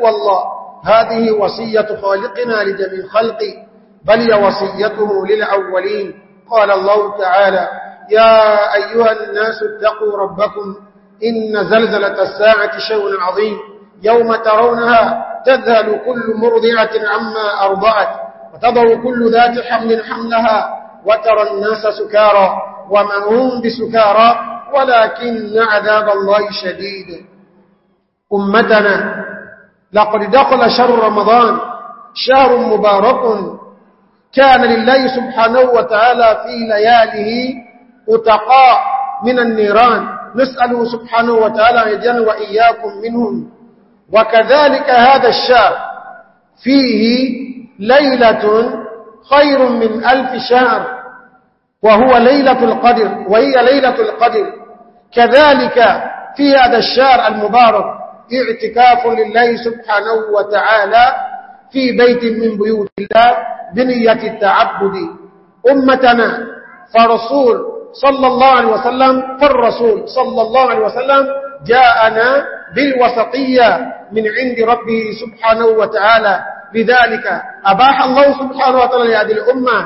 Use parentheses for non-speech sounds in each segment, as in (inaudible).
والله هذه وصية خالقنا لجميع خلقي بل وصيته للأولين قال الله تعالى يا أيها الناس اتقوا ربكم إن زلزلة الساعة شيء عظيم يوم ترونها تذهل كل مرضعة عما أرضعت وتضع كل ذات حمل حملها وترى الناس سكارى وما هم بسكارى ولكن عذاب الله شديد أمتنا لقد دخل شهر رمضان شهر مبارك كان لله سبحانه وتعالى في لياله أتقاء من النيران نسأله سبحانه وتعالى يجن وإياكم منهم وكذلك هذا الشهر فيه ليلة خير من ألف شهر وهو ليلة القدر وهي ليلة القدر كذلك في هذا الشهر المبارك اعتكاف لله سبحانه وتعالى في بيت من بيوت الله بنية التعبد أمتنا فرسول صلى الله عليه وسلم فالرسول صلى الله عليه وسلم جاءنا بالوسطية من عند ربه سبحانه وتعالى لذلك أباح الله سبحانه وتعالى لهذه الأمة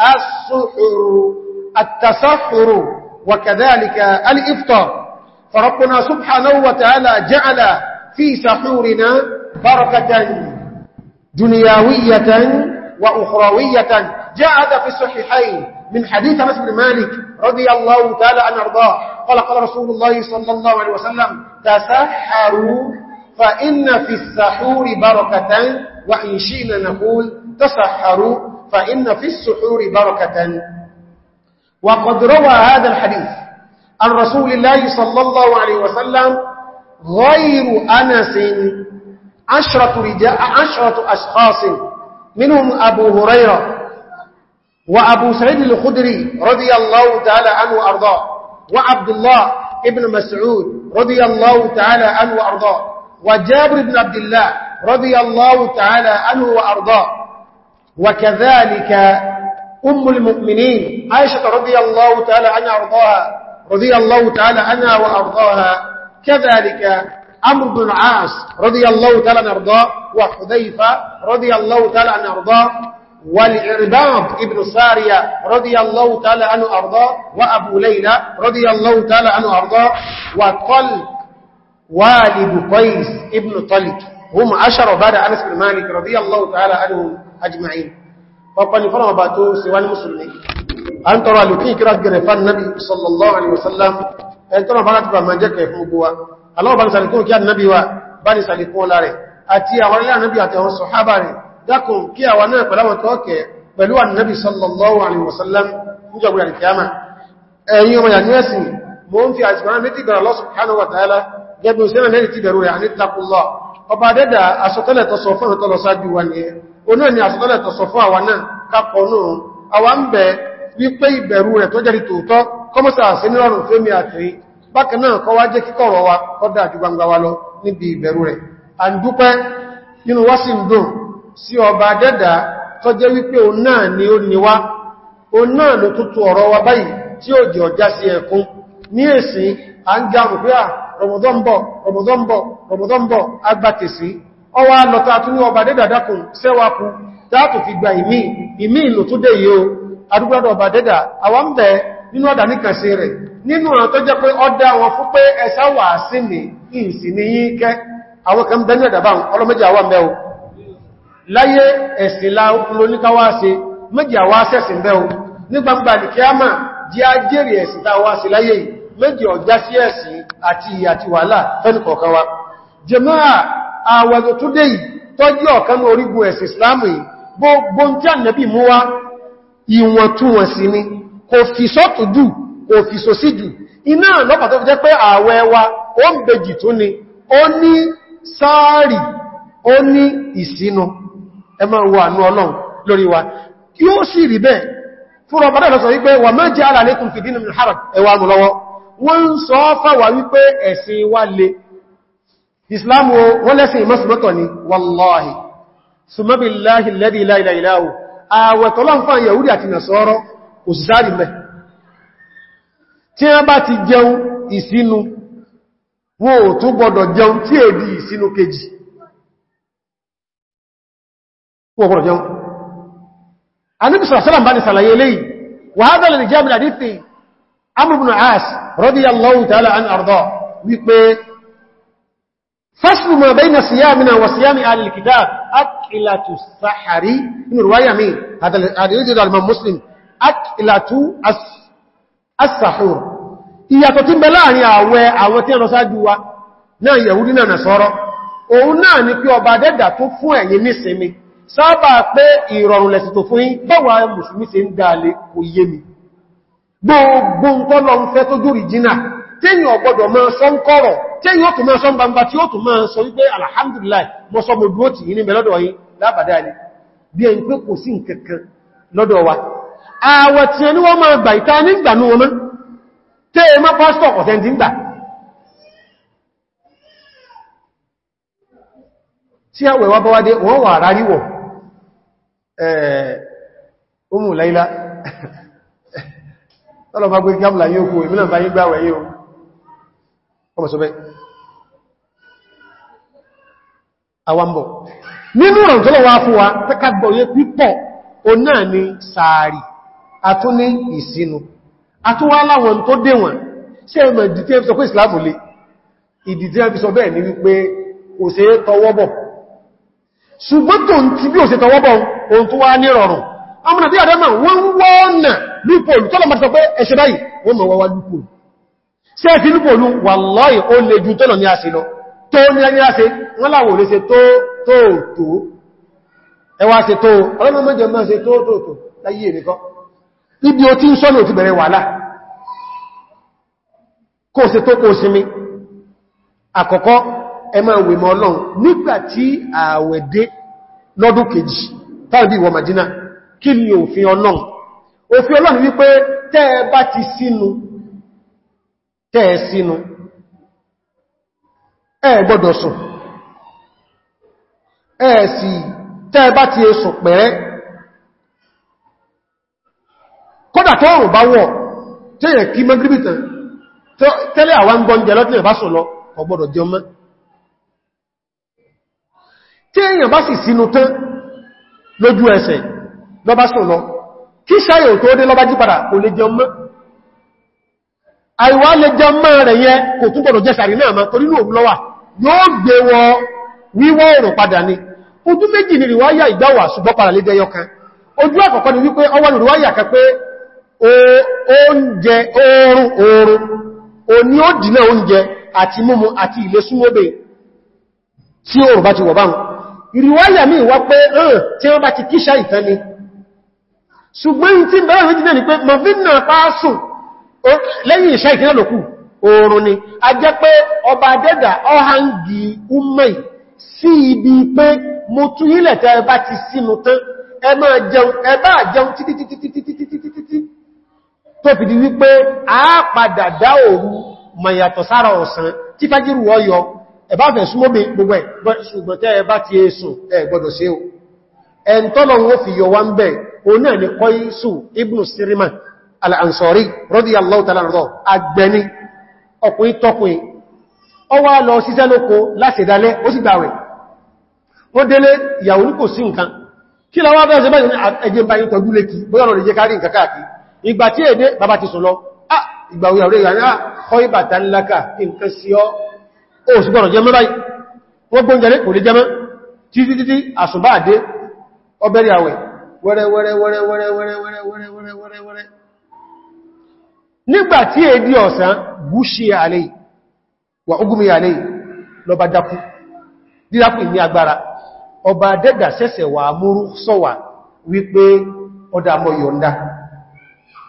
السحر التسحر وكذلك الإفطار فربنا سبحانه وتعالى جعل في سحورنا بركة دنياوية وأخروية جاء هذا في الصحيحين من حديث أنس بن مالك رضي الله تعالى عن أرضاه قال قال رسول الله صلى الله عليه وسلم تسحروا فإن في السحور بركة وإن شئنا نقول تسحروا فإن في السحور بركة وقد روى هذا الحديث عن رسول الله صلى الله عليه وسلم غير أنس عشرة, عشرة أشخاص منهم أبو هريرة وأبو سعيد الخدري رضي الله تعالى عنه وأرضاه وعبد الله ابن مسعود رضي الله تعالى عنه وأرضاه وجابر بن عبد الله رضي الله تعالى عنه وأرضاه وكذلك أم المؤمنين عائشة رضي الله تعالى عنها وأرضاها رضي الله تعالى عنها وأرضاها كذلك عمرو بن العاص رضي الله تعالى نرضاه وحذيفة رضي الله تعالى نرضاه والعرباض ابن سارية رضي الله تعالى عنه أرضاه وأبو ليلى رضي الله تعالى عنه أرضاه وطلق والد قيس ابن طلق هم عشر بعد أنس بن مالك رضي الله تعالى عنهم أجمعين فقال فرما باتوا سوى المسلمين أن ترى لكي كرات جرفان النبي صلى الله عليه وسلم ẹ̀ntọ́nà bá láti bàmà jẹ́kẹ̀ fún gbogbo wa aláwọ̀ bá ní sàlìkún kí ànábí wa bá ní sàlìkún ọlá rẹ̀ àti àwọn ilé ànábí àti àwọn sọ̀hábà rẹ̀ dákùn kí àwọn náà pẹ̀láwọn tọ́ọ̀kẹ̀ pẹ̀lú ànábí sallallahu alaihi wasallam níjọba alkiyama ẹ̀yin ọmọ yàní ẹ̀sìn mo ń fi àṣìkọ̀rán méjì bẹ̀rẹ̀ Allah subhanahu wa ta'ala gẹ́gbẹ̀ òṣèrè mẹ́rin ti bẹ̀rù rẹ̀ àní takùnlọ ọba dẹ́dà asọ̀tọ́lẹ̀ tọ́sọ fún ọ̀tọ́lọ sáájú wa nìyẹn onú ẹni asọ̀tọ́lẹ̀ tọ́sọ fún àwa náà kápọ̀ náà àwa ń bẹ̀ wípé ìbẹ̀rù rẹ̀ tó jẹ́rì tòótọ́ kọmọ́sà sí nírọ̀rùn tó mi àtìrí bákan náà kọwa jẹ́ kíkọ̀rọ̀ wa kọ́dá ju gbangba wa lọ níbi ìbẹ̀rù rẹ̀ àdúpẹ́ nínú wá sí ọba dẹ́dà jẹ́ wípé o náà ni ó ní wá o náà ló tútù ọ̀rọ̀ wa báyìí tí ó jẹ́ ọjá sí ẹkún ní nínú ọ̀dà níkànṣe rẹ̀ nínú ọ̀nà tó jẹ́ pé ọdá wọn fún pé ẹ̀sá wà sí ní ìsì ní yí kẹ́ àwọn kan bẹ́ẹ̀ ẹ̀dàbà ọlọ́mẹ́jì àwọn mẹ́o láyé ẹ̀sìn lóníkáwáṣe méjì àwáṣẹ́sìn mẹ́o ní gbangba ní kíámà jẹ́ ajẹ́rì ẹ̀sìn táwáṣe láyé méjì ọjá wa jẹmáà àwẹ̀dọ̀ tó dé yìí tọ́jú ọ̀kan orígun ẹ̀sìn Islam yìí gbogbo ń tí ànẹ́bì mú wá ìwọ̀ntúnwọ̀nsí ni kò fi sọ́tù jù kò fi sọ sí jù iná lọ́pàá tó fi jẹ́ pé ààwẹ̀ wa ó ń bejì tó ni ó ní sáàrì ó ní ìsinú ẹ máa wo Ọlọ́run lórí wa kí ó sì rí bẹ́ẹ̀ fún ọmọdé lọ sọ wípé wà máa jẹ́ ara lékùn le Islam wọ́n lẹ́sìn ìmọ́sùmọ́tọ̀ ni wallahi sumabillahi alladhi la ilaha illahu àwẹ̀tọ́lọ́n fún Yahudi àti Nasara òsìsáàrì mẹ́ tí wọ́n bá ti jẹun ìsinu wọ́n ò tún gbọdọ̀ jẹun tí è di ìsinu kejì wọ́n gbọdọ̀ jẹun anibisar salam bá ní sàlàyé léyìí wà á dálẹ̀ ìjẹ́ àmì àdífẹ́ amúrùn àás radiyallahu ta'ala an àrùdọ́ wípé faslu ma bayna siyamina wa siyami alil kitab akìlàtú asàhùr ìyàtọ̀ tí bẹ láàrin àwẹ̀ àwọn tí ẹ̀nà sáájú wa náà yẹ̀húdí náà sọ́rọ̀ òun náà ni pé ọba dẹ́dà tó fún ẹ̀yin nísinmi sábà pé ìrọ̀rùn lẹ̀sì fún yín báwa mùsùlùmí ṣe ń dáalé kò yé mi gbogbo ǹtọ́lọ ń sọ ń kọ́rọ̀ téyàn ó tún máa àwẹ̀ tí ẹni wọ́n máa gbà ìta ní ìgbà ní ọmọ tí è mọ́ pásítọ̀ ọ̀tẹ́ ti ń gbà tí àwẹ̀ wá bọ́ wádé wọ́n wà ráríwọ̀ ọmọ Láílá (laughs) tọ́lọ̀fà gbé gámùlà yóò kó ìmìnà bá yí gbáwẹ̀ ọmọ sọ bẹ́ ni àtún ní ìsinu àtún wá láwọn tó dé wọn ṣe ẹmọ̀ ìdìtí ẹfisọ pé ìsìláàmù lè ìdìtí ẹfisọ bẹ́ẹ̀ ni wípé kò ṣe tọwọ́bọ̀ ṣùgbọ́n tó ń ti bí ò ṣe tọwọ́bọ̀ ohun tó wá ní rọrùn ọmọdé àdẹ́mà wọ́n wọ́nà lúpòlù tọ́lọ̀ mọ́ta pé ẹ̀ṣẹ́ báyìí wọ́n mọ̀ wọ́wá lúpòlù ṣe fi lúpòlù wallahi ó lè ju tọ́lọ̀ ní àṣẹ lọ tó ní ẹni àṣẹ wọ́n ẹwà ṣe ọlọ́mọ mọ́jẹ mọ́ ṣe tó tó tó láyé nìkan níbi o tí ń sọ́nà ti bẹ̀rẹ̀ wàhálà kó se tó kó mi àkọ́kọ́ ẹ máa wè mọ́ ọlọ́run nígbàtí ààwẹ̀ dé lọ́dún kejì tàbí ìwọ̀ màdínà kí ni òfin ọlọ́run òfin ọlọ́run wípé tẹ́ ẹ bá ti sínú tẹ́ sínú ẹ gbọ́dọ̀ sùn ẹ sì tẹ́ bá ti sùn pẹ̀rẹ́ kódà tó ọ̀rùn bá wọ̀ tí èyàn kí mẹ́gbìbì tán tẹ́lẹ̀ àwọn ń gbọ́njẹ lọ́tí ẹ̀bá sùn lọ ọgbọ́dọ̀ jẹ ọmọ tí èyàn bá sì sínú tán lójú ẹsẹ̀ lọ́bá sùn lọ kí sáyẹ̀ tó dé lọ́bá jí padà kò lè jẹ ọmọ àìwá lè jẹ ọmọ rẹ̀ yẹ ni ojú méjì ni ìwáyà ìgbáwà ṣùgbọ́n padà lé jẹyọ kan ojú àkọ́kọ́ ni wípé ọwọ́ ìrìwáyà pé oúnjẹ oorun oorun o ní ó dínà oúnjẹ àti múmu àti ilé súnmọ́bẹ̀ tí oòrùn bá ti wọ̀ báhùn ìrìwáyà mi wá pé ọ̀n tí wọ́n bá ti kíṣà ìfẹ́ ni ṣùgbọ́n tí bẹ̀rẹ̀ ni pé mọ̀fínà pàásùn lẹ́yìn ìṣà ìkínà lòkù oorun ni a jẹ́ pé ọba dẹ́dà ọ́hángì umar mo tún ilẹ̀ tẹ́ bá ti sínú tán ẹ máa jẹun ẹ bá jẹun títítítítítítítí tó fi di wípé a padà dá òru mayàtọ̀ sára ọ̀sán tí fájírù ọyọ ẹ̀bá fẹ̀ súnmọ́bí gbogbo ẹ̀ ṣùgbọ́n tẹ́ ẹ bá ti èsùn ẹ gbọ́dọ̀ sí o ẹn tọ́lọ wọ́n fi yọ wá ń bẹ̀ o náà ni Qaysu ansari radiyallahu ta'ala anhu agbẹni ọkùnrin tọkùnrin ọ wá lọ síṣẹ́ lóko láti ìdálẹ́ ó sì gbàwẹ̀ wọ́n délé ìyàwó ní kò sí nǹkan kí lọ ìgbà tí èdè bàbá ti sùn lọ ah, ìgbà òyà orí ìrànlá kọ́ ìbàtà ńláka nǹkan sí ọ́ ó sì gbọ́nà jẹ́ mẹ́bàá wọ́n gbóúnjẹ kò lè jẹ́mẹ́ títí títí àsùnbá àdé ọbẹ̀rẹ̀ àwẹ̀ wẹ́rẹ́wẹ́rẹ́wẹ́rẹ́wẹ́rẹ́wẹ́rẹ́wẹ́rẹ́wẹ́rẹ́ nígbà tí èdè ọ̀sán gúúṣe àlè wà ogúnmi àlè lọba dákú dídákù ìní agbára ọba dẹ́gbà sẹ́sẹ̀ wà múrú sọ́wà wípé ọdá mọ̀ yọ̀ndá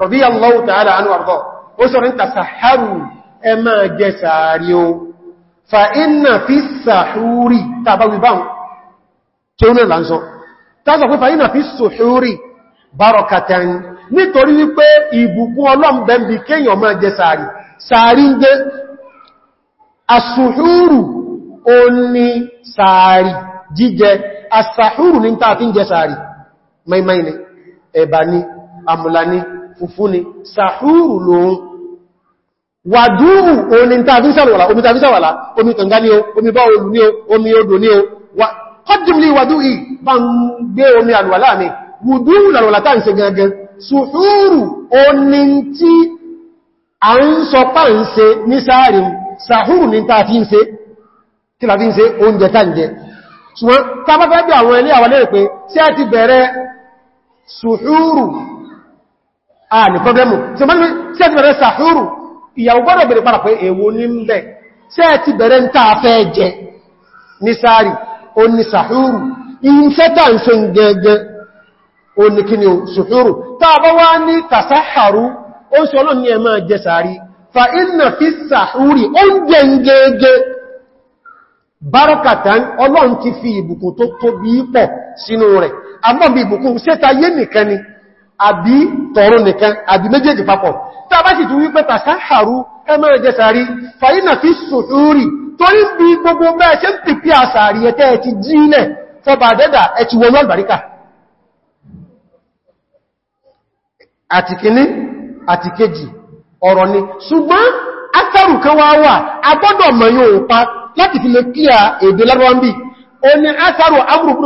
radiyallahu ta'ala anhu àrùdọ́ ó sọ rín tasaharu ẹ máa jẹ sàárì o fa inna fi sàhúrí tàbáwí báhùn tó náà lánsọ tásọ̀ pé fa inna fi sàhúrí barakatan nítorí wípé ìbùkún ọlọ́m̀bẹ̀m̀bì kéèyàn máa jẹ sàárì sàárì ń jẹ́ asùhúrù ó jẹ sàárì maimai ni ẹ̀bà ni àmùlà ni fùfú ni sàhúrù lòun wàdúrù omi tàbísàwàlá omi tàbísàwàlá omi kànga ní o omi bá olù ní o omi odò ní o kọ́dùmlì wàdúrì bá ń gbé omi àlùwàlá mi wùdúrù làlùwàlá tàà ń ṣe gẹ́gẹ́ sùhúrù oní tí a ń sọ pà ń ṣe ní sáàrí sàhúrù ní tàà fi ń ṣe kí la ń ṣe oúnjẹ tàǹjẹ ṣùgbọ́n tàbátẹ́ bí àwọn ilé àwọlé rẹ̀ pé sí àti bẹ̀rẹ̀ sùhúrù a ah, ní pọ́blẹ́mù tí mọ́ ní sí ẹ̀tì bẹ̀rẹ̀ sàhúrù ìyàwó gbọ́dọ̀ bèèrè padà pé èwo ní ń bẹ̀ sí ẹ̀tì bẹ̀rẹ̀ ń tàà fẹ́ jẹ ní sáàrì o ní sàhúrù ìyíṣẹ́ta ń ṣe gẹ́gẹ́ o ní kí ni o sùhúrù tàbá wá ní tàṣáhàrú ó ń sọ́lọ́ ní ẹ̀mọ́ jẹ jẹ àbí tọ̀run nìkan àbí méjèèjì papọ̀ tí a bá sì tún wípé tàṣáhàrú ẹmẹ́rẹ̀ jẹ sàárì fàyínà fi sòtúrì torí bí gbogbo mẹ́ẹ̀ ṣe ń pìpí àsàárì ẹ̀tẹ́ ẹ̀ ti jílẹ̀ fọba àdẹ́dà ẹ̀ ti wọnú pa láti fi lè kíyà èdè lárọ́wọ́n bí o ni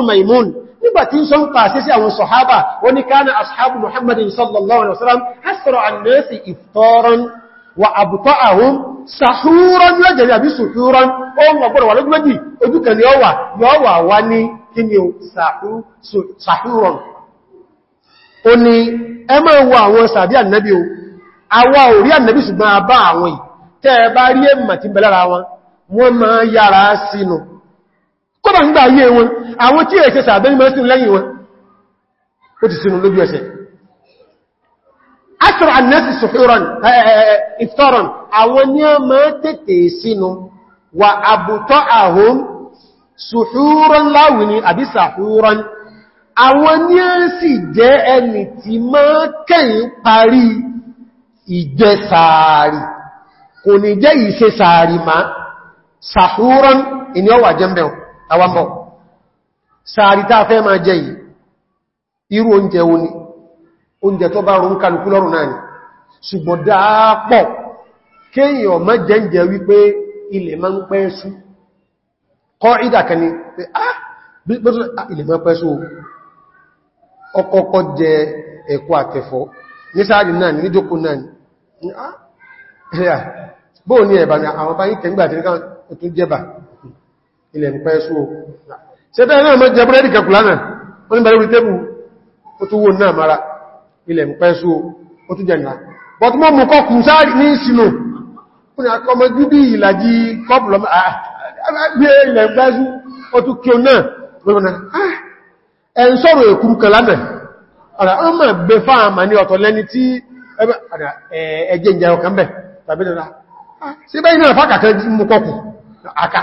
maimun nígbà tí ń sọ ń pa àṣẹ́sí àwọn sọ̀hábà ó ní káàna ashabu muhammadin sallallahu alaihi wasallam hasra an-nasi iftaran wa abta'ahum sahuran yóò jẹ́ àbí sùhúran ohun ọgbọ̀rọ̀ wà lójú méjì ojú ni ó wà wá ní kódà ń gbà ayé wọn àwọn tí ẹ̀ṣẹ̀ sàbẹ́ ní mẹ́sìn lẹ́yìn wọn ó ti sinú lójú ẹsẹ̀ asra annasi suhuran iftaran àwọn ní a máa tètè sínú wa àbùtọ́ àhún suhuran láwì àbí sàhúran ìní ọwà jẹ́ àwàmọ̀ sàárì tàà fẹ́ máa jẹ yìí irú oúnjẹ wo ni oúnjẹ tó bá rún kálukú lọ́rùn náà ni ṣùgbọ́n dáápọ̀ kéèyàn má jẹ́ǹjẹ wípé ilẹ̀ máa ń pẹ́ sú kọ́ ìdàkẹni pé ah, ah ilẹ̀ máa pẹ́ sú ọkọ̀ọ̀kọ́ jẹ ẹ̀kọ́ àtẹ̀fọ́ ní sáàrì ni ah, bóò ní ẹ̀bà ni àwọn báyí tẹ̀ngbà tẹ̀ngbà tó jẹba ilẹ̀ ń pẹ́ só ṣẹ́bẹ́ náà mọ́ jẹ búrẹ́dì kẹkùlánà ó ní bẹ̀rẹ̀ orí tébù ó tún wó náà mara ilẹ̀ ń pẹ́ só ó tún jẹ̀nà but mọ́ mú kọ́ kùn sáàrì ní ìsinú ó ní akọmọ jú bí ìlàjì kọ́pùlọ ah, ah, ah, Ṣé bẹ́yìn náà fákàtẹ́ mú kọkùn, àkà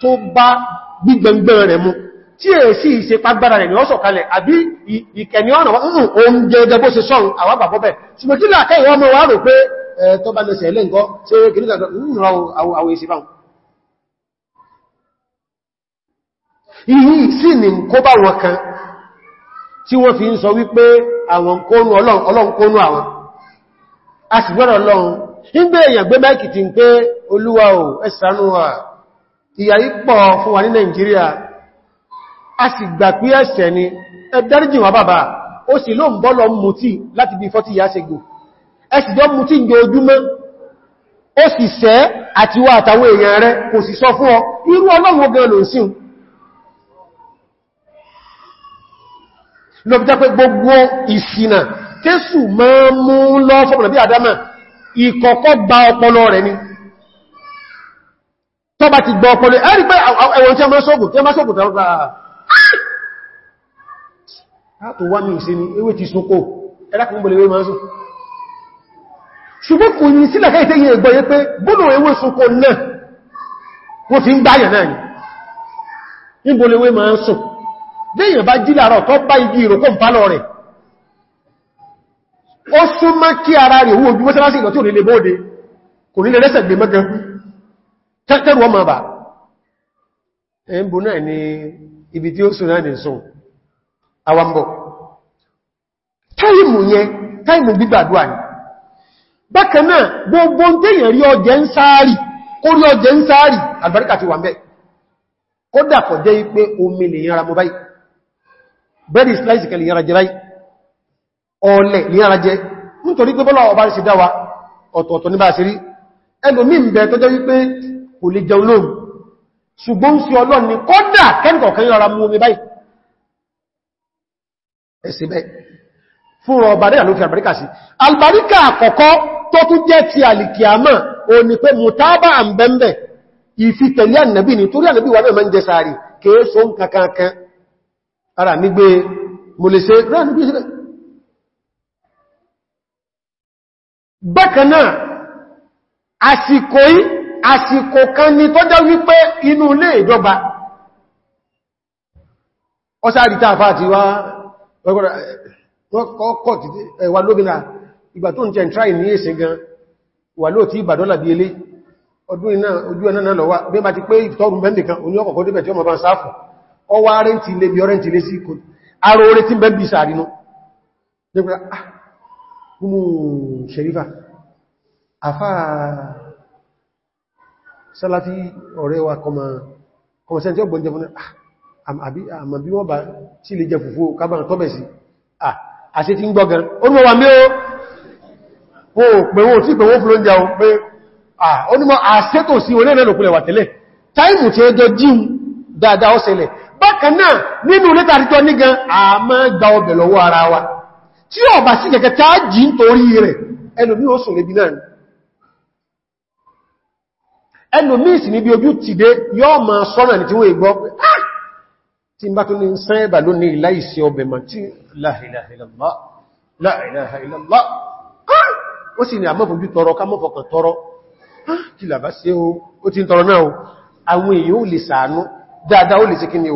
tó bá gbígbẹ̀ngbẹ̀ rẹ̀ mú tí è sí ìṣe pàgbára rẹ̀ ni ọ́sọ̀ kalẹ̀ àbí ìkẹni ọ̀nà oúnjẹ ẹgbẹ́gbó se sọ́run àwábàbọ́bẹ̀ tí mo tí láàkẹ́ ìwọ́n mọ́ wà rò pé ẹ̀ẹ́tọ́ bá lẹ́sẹ̀ ẹ̀lẹ́ nǹkan tí ó kìí gbàgbà rúrùn àwọn èsì báhùn ìyí sí ni kó bá wọn kan tí wọ́n fi ń sọ wípé àwọn kónú ọlọ́run kónú àwọn a sì gbọ́rọ̀ ọlọ́run ń gbé èèyàn gbé mẹ́kì ti ń pé olúwa ò ẹ̀sánú wa ìyà ipọ̀ fún wa ní Nàìjíríà a sì gbà pé ẹ̀ṣẹ̀ ni ẹ̀dáríjì wà bàbá ó sì ló ń bọ́ lọ mutí láti bí 40 years ago ẹ̀sì jọ mutí jọ ojúmọ́ ó sì sẹ́ àti wà àtàwọn èèyàn rẹ kò sì sọ fún ọ irú ọlọ́run gan lò tó bá ti gbọ́ ọpọlọ ẹ̀rí pé ẹ̀wọ̀n tí a máa tí a máa sọ́gùn tàbí àà tó wá ní ìṣẹ́ ni ewé ti sókó ẹlákùnbọ̀lẹ̀wé máa sùn ṣùgbọ́n kò ní sílẹ̀ káìtẹ́ yẹ ẹgbọ́ yẹ pé bónú ewé sókó ń ni níbọ̀lẹ̀wé máa sùn ó súnmọ́ kí ara rẹ̀ owó ìgbà tẹ́rù ọmọ bà ẹ̀mbò náà ni ibi tí ó sùn náà nìsùn àwambọ̀ táìmù yẹn táìmù gbígbàdúwà ní bákanáà gbogbo tẹ́yẹ̀ rí ọjẹ́ ń sáàrì kó rí ọjẹ́ ń sáàrì àlùbáríkà ti wà ń bẹ kó dàkọ̀ jẹ́ pé omi lè yára mọ́ báyìí bẹ́ẹ̀dì slice kan ń bẹ tó jẹ́ wípé kò lè jẹun lóòrùn ṣùgbọ́n sí ọlọ́run ni kọ́dà kẹ́ǹkọ̀ọ́kẹ́ yọ́ra mú omi báyìí ẹ̀sìn bẹ́ fún ọbàdẹ́ àlófin àbáríkà sí àlbáríkà àkọ́kọ́ tó tún jẹ́ ti àlìkìyàmà o ní pé mùtábà àmbẹ̀mbẹ̀ ìfitẹ̀lẹ̀ ànàbí ni torí ànàbí wà mẹ́mẹ́ jẹ sàárì kèé ń kankan àsìkò yìí àsìkò kan ni tó jẹ́ wípé inú ilé ìjọba ọsáàrí tàà fàá ti wá ọkọ̀ wà lóbìnà ìgbà tó ń jẹ́ ìtráì ní èsì gan wà ló tí ìbàdọ́là bí elé ọdún iná ojú ẹ̀nà náà lọ́wà bí ti pé kan oní ọkọ̀kọ́ tí ọmọ bá ń bí sí orí tí nígbà ah sálátí ọ̀rẹ́ wa kọmọ kọmọsẹ́ntí ọgbọ̀n jẹ fún ah, àmà bí wọ́n bá sí lè jẹ fùfú kábàrà tọ́bẹ̀ sí àṣẹ ah, tí ń gbọ́gan onímọ̀ wà mí o pẹ̀wọ́ tí pẹ̀wọ́ fún oúnjẹ o pé onímọ̀ ah, àṣẹ tó sí orí ẹ̀nà òkúlẹ̀ wà tẹ́lẹ̀ táìmù tí ẹjọ jíun dáadáa ó ṣẹlẹ̀ bákan náà nínú ilé tàrítọ́ nígan bí náà ẹlòmíì sì níbi ojú ti dé yóò máa sọ́nà ní tí wọ́n ègbọ́ ah! tí bá tún ní sẹ́ẹ̀bà lónìí láìsí ọbẹ̀ ma tí la ilaha illallah la ilaha illallah ah! ó sì ní àmọ́fojú tọrọ kámọ́fọ̀kàn tọrọ ah! kí làbá sí ó ti ń tọrọ náà àwọn èèyàn ò lè sàánú dáadáa ó lè sí kíni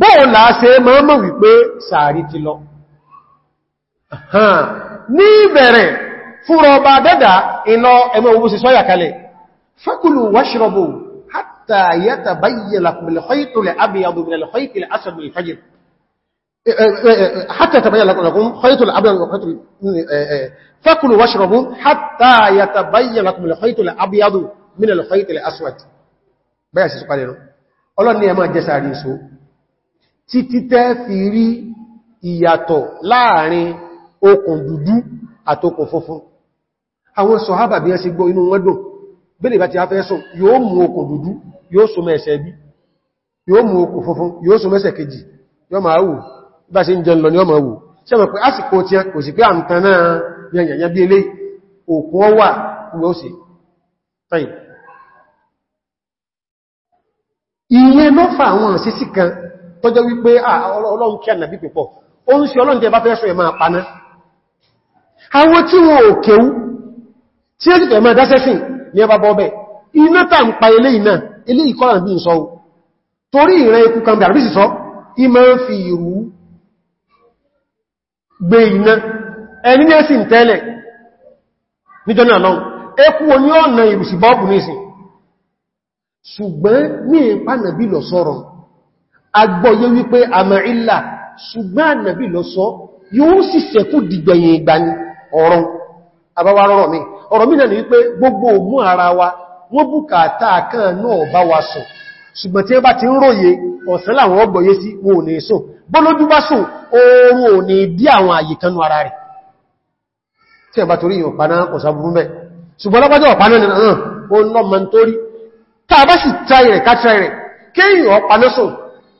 bóò láàṣẹ mọ́mọ̀ wípé sàárì ti lọ ní ìbẹ̀rẹ̀ fúnra ọba dẹ́dà iná ẹmọ owó sí sọ́yà kalẹ̀ fakulu washrabu hatta yatabayya lakum al-khayt al حتى يتبين لكم خيط الأبيض من الخيط فكلوا واشربوا حتى يتبين لكم الخيط الأبيض من الخيط الأسود bẹ́ẹ̀ sí sọ́kàlẹ̀ rọ̀ ọlọ́ni ẹmọ́ jẹ́ sàárì ìṣò títí tẹ́ fi rí ìyàtọ̀ láàrin okùn dúdú àtokùn funfun àwọn sọ̀hábà bí ẹ ṣe gbọ́ inú wọn dùn bẹ́lẹ̀ bá ti a fẹ́ sùn yóò mú okùn dúdú yóò so mẹ́ẹ̀ṣẹ̀ bí yóò mú okùn funfun yóò so mẹ́ẹ̀ṣẹ̀ kejì yóò máa wù ni yóò tó jẹ́ wípé ọlọ́run kí ànàbí pípọ̀ ó ń ṣe ọlọ́run tẹ́ bá fẹ́ sọ ẹ̀mà paná àwọn tí wọn ò kéwú tí ó jẹ́ ẹ̀mà dásẹ́sìn ní ẹbá bọ́ọ̀bẹ̀ iná tà ń pa ilé iná ilé ìkọ́lá bí sọ torí ìrẹ́ ikú kan bí àrùbí sọ ìmọ̀ ń fi ìrú gbé iná ẹni ṣùgbọ́n ní ìpánàbí lọ sọ́rọ̀ agbọ́yé wípé àmàrílà ṣùgbọ́n ànàbí lọ sọ yóò sì sẹ́kù dìgbẹ̀yìn ìgbà ni ọ̀rọ̀ àbáwà rọ̀rọ̀ mi ọ̀rọ̀ mi náà ni wípé gbogbo òmú ara wa wọ́n bùkátà kan náà bá wa sùn ṣùgbọ́n tí ó bá ti ń róye ọ̀sán láwọn ọgbọ̀yé sí wọn ò ní sùn bọ́lójú bá sùn oorun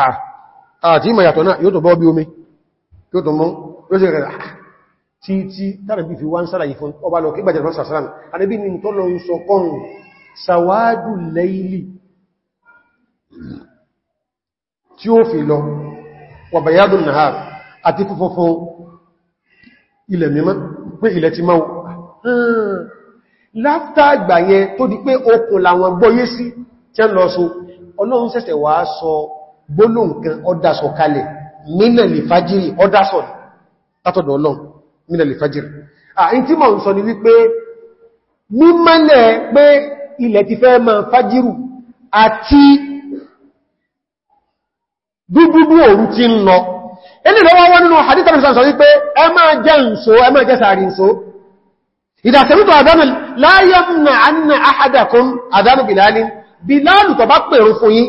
àti ah, ah, ìmọ̀ yàtọ̀ náà yóò tó bọ́ bí omi yóò tó mọ́ yóò sì rẹ̀ ah, tí tí tàbí fi wá ń sára ìfún ọba lọ kígbàjẹ̀ rọ́ sàsánà adébí ni tó lọ ń sọ kọrùn sàwádù lẹ́ìlì tí ó fi lọ wàbàyádùn náà àti fúnfọ́fọ́ ilẹ̀ mímọ́ pé ilẹ̀ ti máa hmm, láftà àgbà yẹn tó di pé okùn làwọn gbọ́yé sí tí ẹ lọ so ọlọ́run ṣẹ̀ṣẹ̀ wá sọ gbóló nǹkan ọdásọ kalẹ̀ mínàlì fajiri ọdásọ látọ̀dọ̀ ọlọ́run mínàlì fajiri àyí tí mọ̀ ń sọ ni wípé mímọ́lẹ̀ pé ilẹ̀ ti fẹ́ mọ́ fajiru àti dúdúdú òru ti ń lọ ilé lọ́wọ́ wọn nínú hadith sọ wípé ẹ máa jẹ́ ǹso ẹ máa jẹ́ sàárì ǹso ìdàsẹ̀mítò àdánù láyé mú fún yín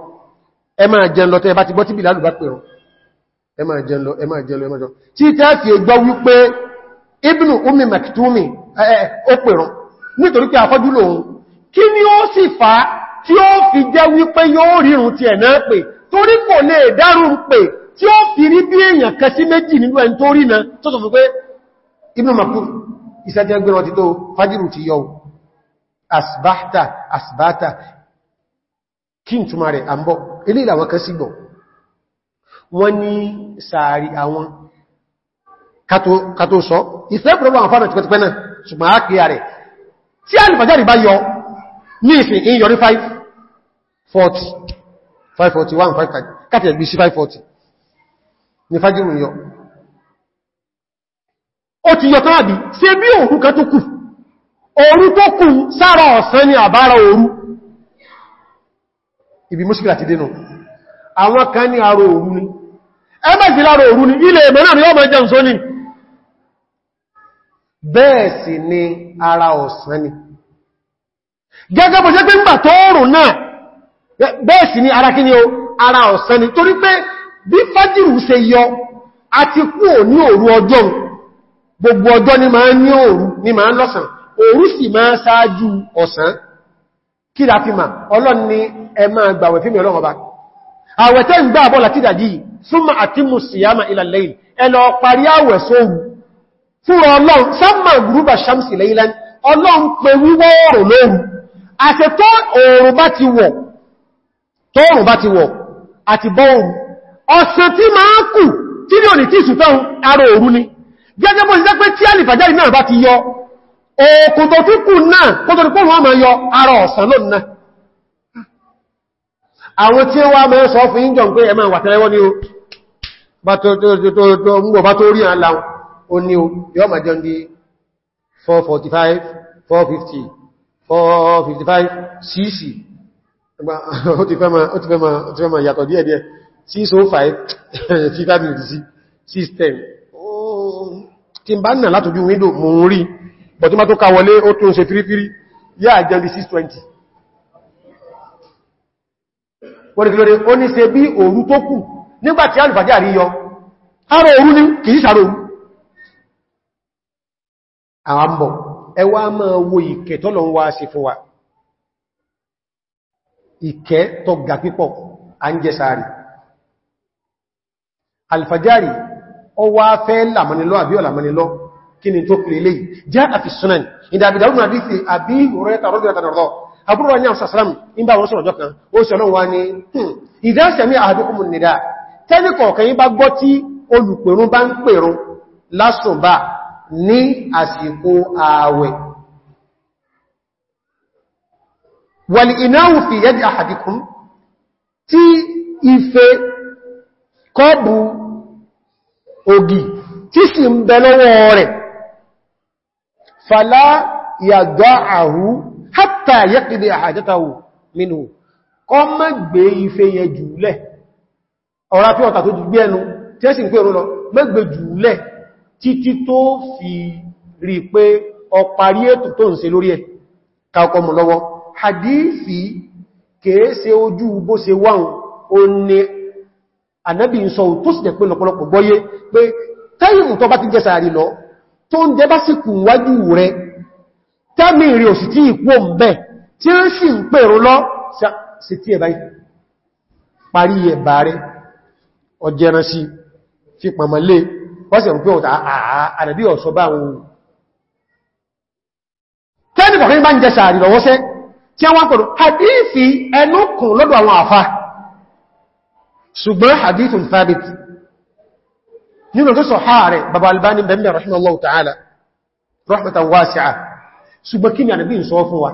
ẹ máa jẹun lọ tẹ́ bá ti gbọ́ tí Bìlálù bá pèrún ẹ máa jẹun lọ ẹ máa jẹun lọ ẹ máa jẹun tí tẹ́ fi gbọ́ wípé Ibnu Ummi Maktumi ó pèrún nítorí pé afọ́jú lòun kí ni ó sì fà tí ó fi jẹ́ wípé yóò rírun ti ẹ̀ náà pè torí kò lè dárùn pè tí ó fi rí bí èèyàn kan sí méjì nínú ẹni tó rí náà tó pé Ibnu Maktumi ìṣẹ́jẹ́ gbẹ̀rọ̀ ti tó fájírù ti yọ asbáta asbáta kí n túnmà rẹ̀ àmbọ̀ ilé ìlàwọn kan sígbọ̀ wọ́n ní sàárì àwọn kató sọ ìfẹ́ pẹ̀lú àwọn fánà tipẹ́tipẹ́ náà ṣùgbọ́n á kí rẹ̀ tí alìfàjáre bá yọ ní ìsìn in yọrí 540 541 540 káti ẹ̀gbì sí 540 ní fájírùn yọ ó ti yọ tán àbí ṣe bí òru kan tó kù òru tó kù sára ọ̀sán ni àbára òru ibi mọ́síkìlá ti dénú àwọn kan ní àrò òru ni ẹgbẹ́sì láàrò òru ni ilẹ̀ náà ni wọ́n mọ́ jẹun ní bẹ́ẹ̀ ni ara ọ̀sán ni gẹ́gẹ́ bọ́ sí pé ń ni ara kí ni o ara ọ̀sán ni torí ṣe yọ àti kú ò ní òru ọjọ́ gbogbo ọjọ́ ni máa ń ní ni máa ń lọ́sàn òru sì máa ọ̀sán kí la fi ma ọlọ́n ni ẹ máa gbàwẹ̀ fí mi ọlọ́run ọba àwẹ̀tẹ́ ń gbà bọ́lá títà dìí súnmà àti musiyama ilalẹ́yìn ẹlọ parí àwẹ̀ sóhun fún ọlọ́run sáàmà gúrúbà sàmsì lẹ́yìnlẹ́n ọlọ́run pé wíwọ́ oòrùn lóòrùn òkùn tó tí kù náà kó tó nípò wọ́n máa yọ ara ọ̀sán lónìí àwọn tí wá mẹ́ sọ fún ìjọ pé ẹ̀mà wà tẹ́lẹ́wọ́ ní o bá tó rí àlà o ní o yọ máa jẹun di 445 450 455 cc ó ti fẹ́ máa yàtọ̀ díẹ̀díẹ̀ 605 610 tí ń bá nà látòjú wíńdò mò bọ̀tí má tó ká wọlé ó tún ṣe 3-3 yá àjẹ́bí 620 wọ́n ni kílódé ó ní ṣe bí òru tó kù nígbàtí alùfàjá rí yọ arọ òru ní kìí sàrò òru àwọn àmbọ̀ ẹwà máa wo ìkẹ́ tọ́lọ ń wá sí fún wa ìkẹ́ tọ́ gà pípọ̀ à ń jẹ sàárì alùfàjá fẹ́ làmọ́nilọ́ àbí ọ̀làmọ́nilọ́ kíni tó pè lè jẹ́ àfi sunan ìdàbìdàrún àbí fi àbí òrẹ́ta rọ́gbẹ̀rẹ̀ta nọ̀rọ̀ àbúrò ní àṣàṣàrám in bá wọn sọ̀rọ̀ jọ kan ó sọ̀rọ̀ wá ní ìdáṣẹ̀mí àdúkùnmù nìdá tẹ́lì kọ̀ọ̀kan yí bá gbọ́ tí olùpẹ̀rún bá ń pẹ̀rún lásùnbà ní àsìkò ààwẹ̀ wàlì ináhù fi yẹ́dì àhàdìkún tí ife kọ́bù ògì ń bẹ lọ́wọ́ rẹ̀ fàlá yàgbọ́ àhú hátà yẹ́kìdẹ̀ àjẹ́tàwò mínú kọ mọ́ gbé ife yẹ jùlẹ̀ ọ̀rá pí ọ̀tà tó gbé ẹnu tí ẹ́ sì ń pè rú lọ mẹ́gbẹ̀ jùlẹ̀ títí tó fi rí pé ọparí ètò tó ń ṣe lórí ẹ̀ kàọkọ̀ mọ̀ lọ́wọ́ hadithi kèése ojú bó ṣe wáhùn ó ní ànábì ń sọ tó sì jẹ́ pé lọ́pọ̀lọpọ̀ gbọ́yé pé táyìmù tó bá ti jẹ́ sàárì lọ tó ń jẹ bá sì kù wájú rẹ̀ tẹ́mì rí òsì tí ìpò ń bẹ̀ tí ó sì ń pèrò lọ sí tí ẹ̀bá parí ẹ̀bá rẹ̀ ọjẹ́ran sí fi pàmàlé wọ́n pé ọ̀tà àdàbí ọ̀sọ́ bá wọn hadithi ẹnukùn lọ́dọ̀ àwọn àfá ṣùgbọ́n nínú tó sọ̀há rẹ̀ bàbá albani bẹ̀mẹ̀ rahimahullahu ta'ala rahmatan wasi'a ṣùgbọ́n kí ni ànàbí ń sọ fún wa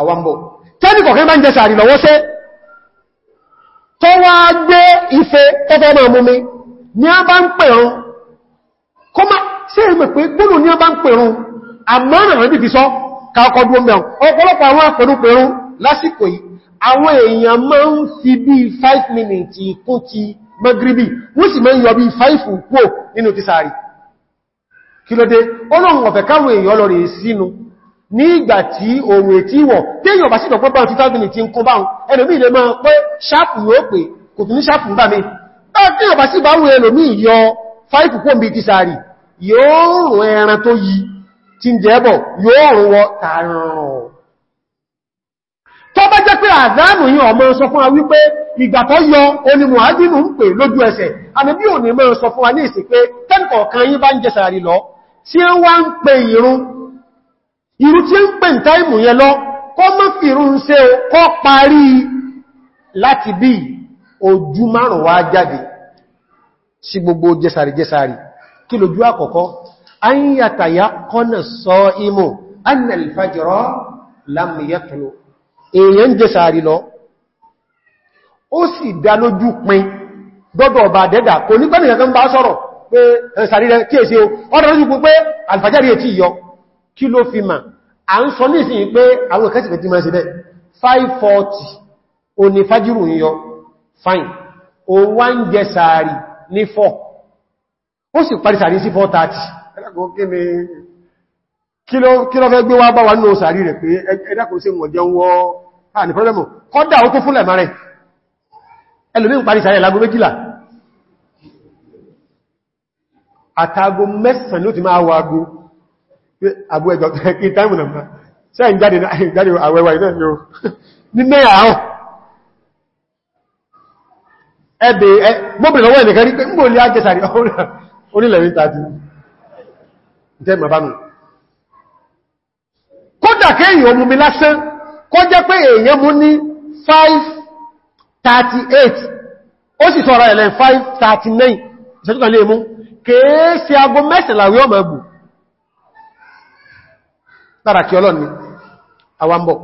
àwambọ̀ tẹ́lì kọ̀kẹ́ bá ń jẹ sàárì lọ́wọ́ sẹ́ tó wá gbé ife tọ́fẹ́ máa mú mi ní a bá ń pẹ̀rún kó má sí ìmẹ̀ pé 5 minutes kún magribi wọ́n sì mẹ́yìn yọbí 5 pò nínú ti sàárì kí ló dé ọlọ́run ọ̀fẹ́ káwọn èèyàn lọ rẹ̀ sínú ní ìgbà tí òun ètí wọ̀ téèyàn bá sídọ̀ pọ́bá títà bìnì tí ń kó báhùn ẹlòmí ilẹ̀ máa pẹ́ ṣáàpù yóò pè kò tún ní ṣáàpù bá mi téèyàn bá sí báwọn ẹlòmí yọ 5 pò bí ti sàárì yóò rùn ẹran tó yí ti ń jẹ́bọ̀ yóò rùn tó bá jẹ́ pé àdánù yìí ọmọ sọ fún wa wípé ìgbàtọ́ yọ oní mùhádínù ń pè lójú ẹsẹ̀ àmìbí ò ní mẹ́rin sọ fún wa ní ìsìn tẹ́ǹkọ̀ kan yí bá ń jẹ sàárì lọ tí ó wá ń pè ìrun ìrun tí ń pè ìtàìmù yẹn lọ kọ́ mọ́ fi ṣe kọ́ parí láti bí ojú márùn wá jáde sí gbogbo jẹsàrì jẹsàrì kí lójú àkọ́kọ́ an èèyàn jẹ sàárì lọ ó sì dá lójú pin gbọ́dọ̀ ọba dẹ́dà kò ní pẹ́lú bá sọ̀rọ̀ pé sàárì rẹ̀ kí èsì ọ̀rọ̀ lójú pé alfàjárí ètí yọ kí ló fi mà a ń sọ ní ìsìn pé àwọn ìkẹ́sìkẹ́ 540 o fine o wa nje saari 4 kí fẹ́ gbé wá bá wà nínú Ah, ní pọ́lẹ́mù kọ́dà ó tó fún lẹ̀mọ́ rẹ̀ ẹlòmí ń parí sàárẹ̀ lágó méjìlá àtàgò mẹ́sàn ló ti máa wà agó àbú ẹgbà kí táìmù nàmà sẹ́yìn jáde àwẹ́wà iná yóò ní mẹ́yà áhùn ẹbẹ̀ mọ́bìnrin lọ́wọ́ ẹ̀nìkan rí pé ń bò lé ágẹ́sàrí onílẹ̀rin tàbí jẹ́ màbánu kódà kéyìn omi lásán o jẹ́ pé èèyàn mú ní 538 ó sì sọ́rọ̀ 539 ìṣẹ́tùkà lè mú kèé sí agó mẹ́sìnláwé ọmọ ẹgbù lára kí ọlọ́ni àwambọ̀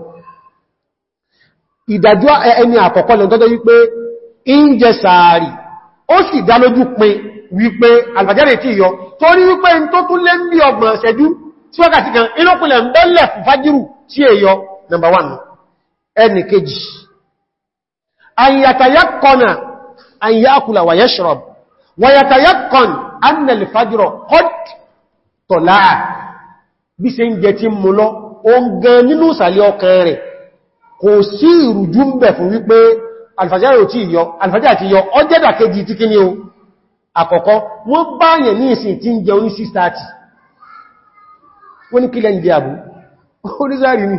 ìdájọ́ ẹni àkọ́kọ́ lọ tọ́jọ́ wípé o sàárì ó sì dá lójú pin wípé alfàjáre tí yọ torí wípé ń tó tún lé ń bí ọgbọ̀n ṣẹ́jú tí wákàtí kan inúpìnlẹ̀ ń bẹ́lẹ̀ fún fájírù number one ẹni kejì ayyatayakkọ́nà ayyakula wa yashrab wa yatayakkọ́n anna al-fajra qad tala'a bí se ń jẹ tí mú lọ o ń gan nínú ìsàlẹ̀ ọkàn rẹ̀ kò sí ìrùjú ń bẹ̀ fún wípé alfajari ti yọ alfajari ti kejì tí kí ni o àkọ́kọ́ wọ́n báyẹ̀ ní ìsìn tí ń jẹ oní 630 wọ́n ní kílẹ̀ ìdí àbú (laughs) oníṣàrí ni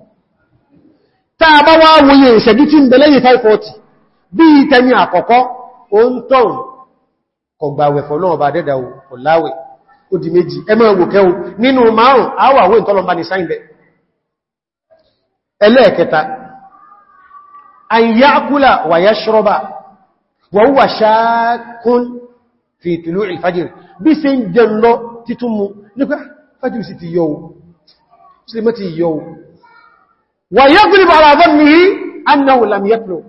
táa bá wá wòye ìṣẹ́jú tí ń bẹ lẹ́yìn 540 bí i tẹni àkọ́kọ́ o ń tọ́rùn kọgbàwẹ̀ fọ́lọ́wọ́ bá dẹ́dà ọ̀láwẹ̀ ó di méjì ẹmọ́ ẹgbòkẹ́ o nínú márùn áwàwó ìtọ́lọmbá ní sáìnbẹ̀ ẹlẹ́ẹ̀kẹta an ya'kula wa yashraba wa ah, ti yọ ويغلب على ظنه أنه لم يطلب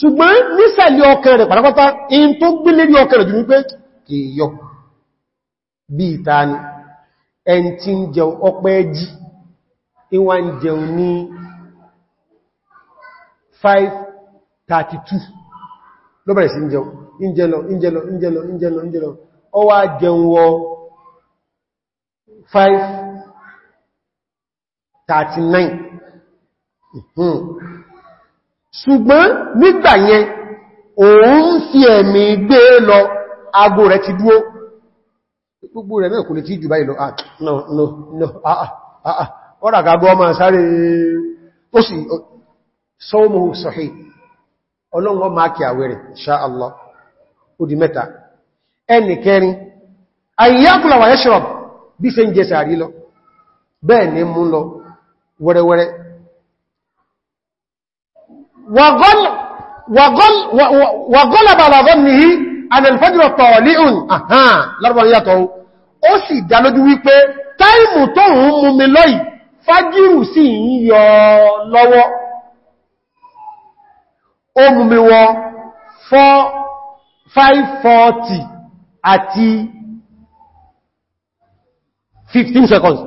ṣùgbọ́n nísẹ̀lẹ̀ ọkẹ̀ rẹ̀ pàtàkọ́ta in tó gbílé ní ọkẹ̀ rẹ̀ jù wípé kì í yọ bí ni ẹn tí ń jẹun ọpẹ́ jí ìwà ń jẹun ní 532 ló bẹ̀rẹ̀ sí ń Hmm. ṣùgbọ́n nígbà yẹn òun fi ẹ̀mí gbé e lọ agbó rẹ̀ ti gbogbo rẹ̀ lè tí jù ah, no no no ah, ah, sáré ó sì sọ́ọ́mù ó di mẹ́ta ẹni kẹrin bí وغلب على ظنه أن الفجر طالع أها لاربا ياتو ó sì dá lójú wípé táìmù tó ń mú mi lọ́yìí fájírù sì yọ lọ́wọ́ ó mú mi wọ 540 àti 15 seconds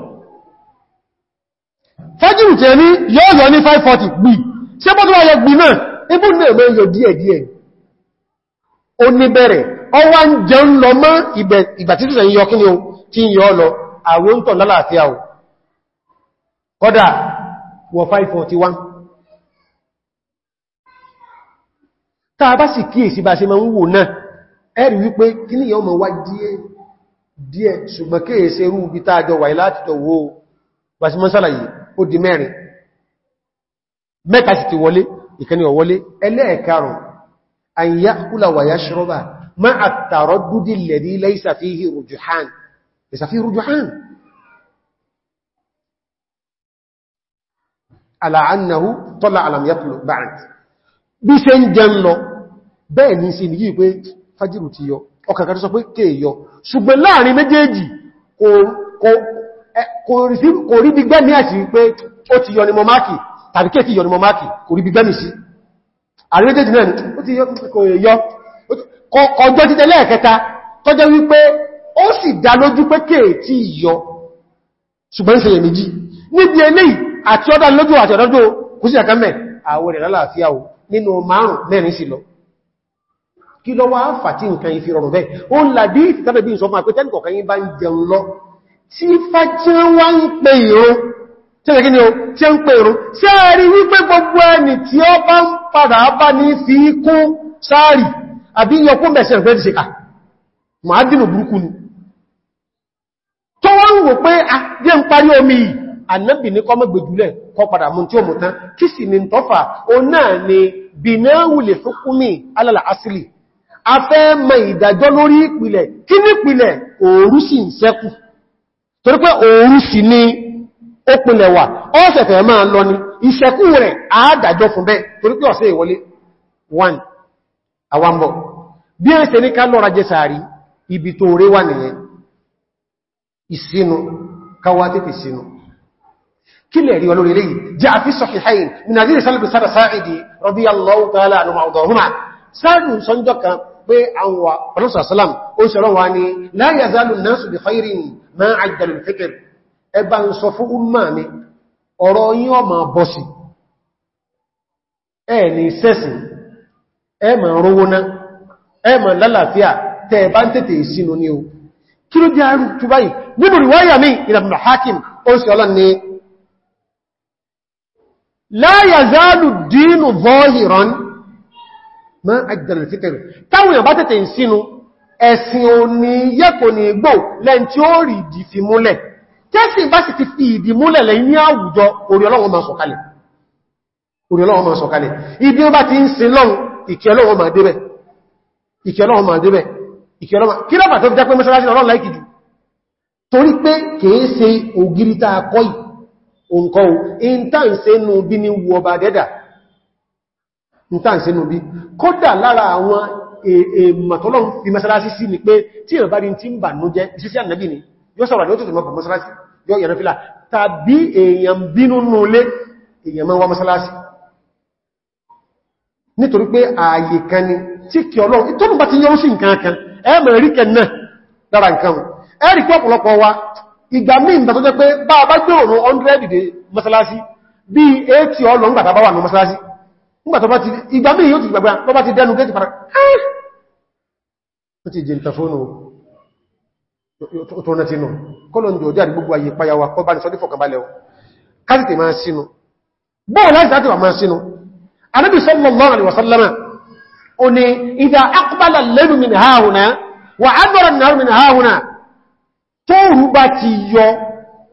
fájírù tẹ́ ní yóò yọ ní 540 gbìí ṣe bọ́ tó wà yẹ gbìmọ̀ ibú náà mẹ́ yọ díẹ̀ díẹ̀ o ní bẹ̀rẹ̀ ọwá ń jẹ ń lọ mọ́ ìgbà títí sẹ̀yìn yọ kí ni o tí ń yọ lọ àwọn ń tàn lálàáfíà o kọ́dà wọ 541 tàà bá sì kíyèsí bá ṣe máa ń wò náà ẹ̀rì wípé kí ni yọ mọ̀ wá díẹ̀ ṣùgbọ́n kéèsẹ̀ wo bá sí mọ́sálàyé mẹ́ta sì ti wọlé ìkẹni ọ̀wọlé ẹlẹ́ẹ̀karùn an ya'kula wa yashruba ma'a at-taraddudi alladhi laysa fihi rujuhan laysa fihi rujuhan ala annahu tala'a lam yatlu ba'd bí ṣe ń jẹun lọ bẹ́ẹ̀ ní sí ní yìí pé fájìrù ti yọ ọkàn kan sọ pé kéè yọ ṣùgbọ́n láàrin méjèèjì kò rí bí gbẹ́ ní àṣì pé ó ti yọ ni mọ́ máàkì tàbí kéèkì yọ ni mọ máàkì kò rí gbígbẹ́mì sí àríwẹ́tẹ̀jì náà ó ti yọ ọjọ́ títẹ́ lẹ́ẹ̀kẹta tó jẹ́ wípé ó sì dá lójú pé kéèkì yọ ṣùgbọ́n ìṣẹ̀lẹ̀ méjì níbi eléyìí àti ọdá lójú àti ọdọ́dọ́ kú sí àkámẹ́ àwọ̀ rẹ̀ lálàáfíà o nínú márùn mẹ́rin sí lọ kí lọ tẹ́lẹ̀ kí ni o tí ó ń pè òrùn sí àárí wípé gbogbo ẹni tí ó bá ń padà bá ní fi kún sáàrì àbí yọkún mẹ́sẹ̀ rẹ̀ ṣe ká máa dínà burúkú ni tó wọ́n ń pé a ah, jẹ́ ń parí omi yìí Ànábì ní kọ́mọ́ gbèjúlẹ̀ kọ padà mú tí ó mú kí sì ni tọ́fà ó náà ni bìnáwùlẹ̀ fúnkúnmí alálà asìlì a fẹ́ mọ ìdájọ́ lórí ìpìlẹ̀ kí nípìlẹ̀ òòrùn sì ń sẹ́kù torípé òòrùn ni ó pinlẹ̀ wà ọ́sẹ̀fẹ̀ máa lọ ni ìṣẹ́kú rẹ̀ àádájọ́ fún bẹ́ torí pé ọ̀sẹ̀ ìwọlé 1 àwambọ̀ bí ẹ̀ ṣe ní ká lọ́ra jẹ sàárì ibi tó rẹ̀ wà nìyẹn ìsinu káwà tètè sinu kí lè rí olórí léyìí jẹ́ àfi ma ajjalu fikr ẹba ń sọ fún ọmọ ni ọ̀rọ̀ yín ọmọ bọ́sì ẹ ní sẹ́sì ẹ mọ̀ rówó ná ẹ mọ̀ lálàáfíà tẹ bá ń tètè sínú ní o kí ló jẹ́ tó báyìí níbò rí mí ìrìnàmì hakim ó sì ọlọ́ ni la yazalu dinu zahiran ma ajdal fitr táwọn èèyàn bá tètè sínú ẹ̀sìn ò ní yẹ́kò ní gbò lẹ́n tí ó rí ìdí fi múlẹ̀ tẹ́sì bá sì ti fi ìdí múlẹ̀lẹ̀ ní àwùjọ orí ọlọ́wọ́ máa sọ̀kalẹ̀ orí ọlọ́wọ́ máa sọ̀kalẹ̀ ibi ó bá ti ń sin lọ́run ìkẹ́ ọlọ́wọ́ máa débẹ̀ ìkẹ́ ọlọ́wọ́ máa débẹ̀ ìkẹ́ ọlọ́wọ́ kí lọ́pàá tó fi jẹ́ pé mẹ́sàlásí ọlọ́run láìkì jù torí pé kìí ṣe ni pé tí ìrọ̀bá rí ti ń bà ní jẹ́ ìṣẹ́sí yóò sọ̀rọ̀ ní ó tètè mọ́ bọ̀ mẹ́sàlásí yọ yẹ̀nà fílà tàbí èèyàn bínú nulé èèyàn máa wá mọ́sálásí nítorí pé ààyè kan ni tí kí ọlọ́run tó mú bá ti yọ́ sí nǹkan kan ẹ mọ̀ rí kẹ náà dára nǹkan ẹ rí pé ọ̀pọ̀lọpọ̀ wa ìgbà míì ìgbà tó jẹ́ pé bá bá gbé òrùn 100 dé mọ́sálásí bí yóò ti gbàgbà tó bá ti dẹnu gẹ́ẹ̀tì padà ah! ó ti jẹ́ ìtàfónù tó rántí nù kọ́lọ̀n jò jáde gbogbo ayé payà wa kọba ní sọ́dí fọ̀kànbalẹ̀ o káàkiri máa sínú bẹ́ẹ̀ láti láti wà máa sínú anábì sallallahu alaihi wasallama o ni idha aqbala al-laylu min hahuna wa adbara an-nahar min hahuna tóòrù bá ti yọ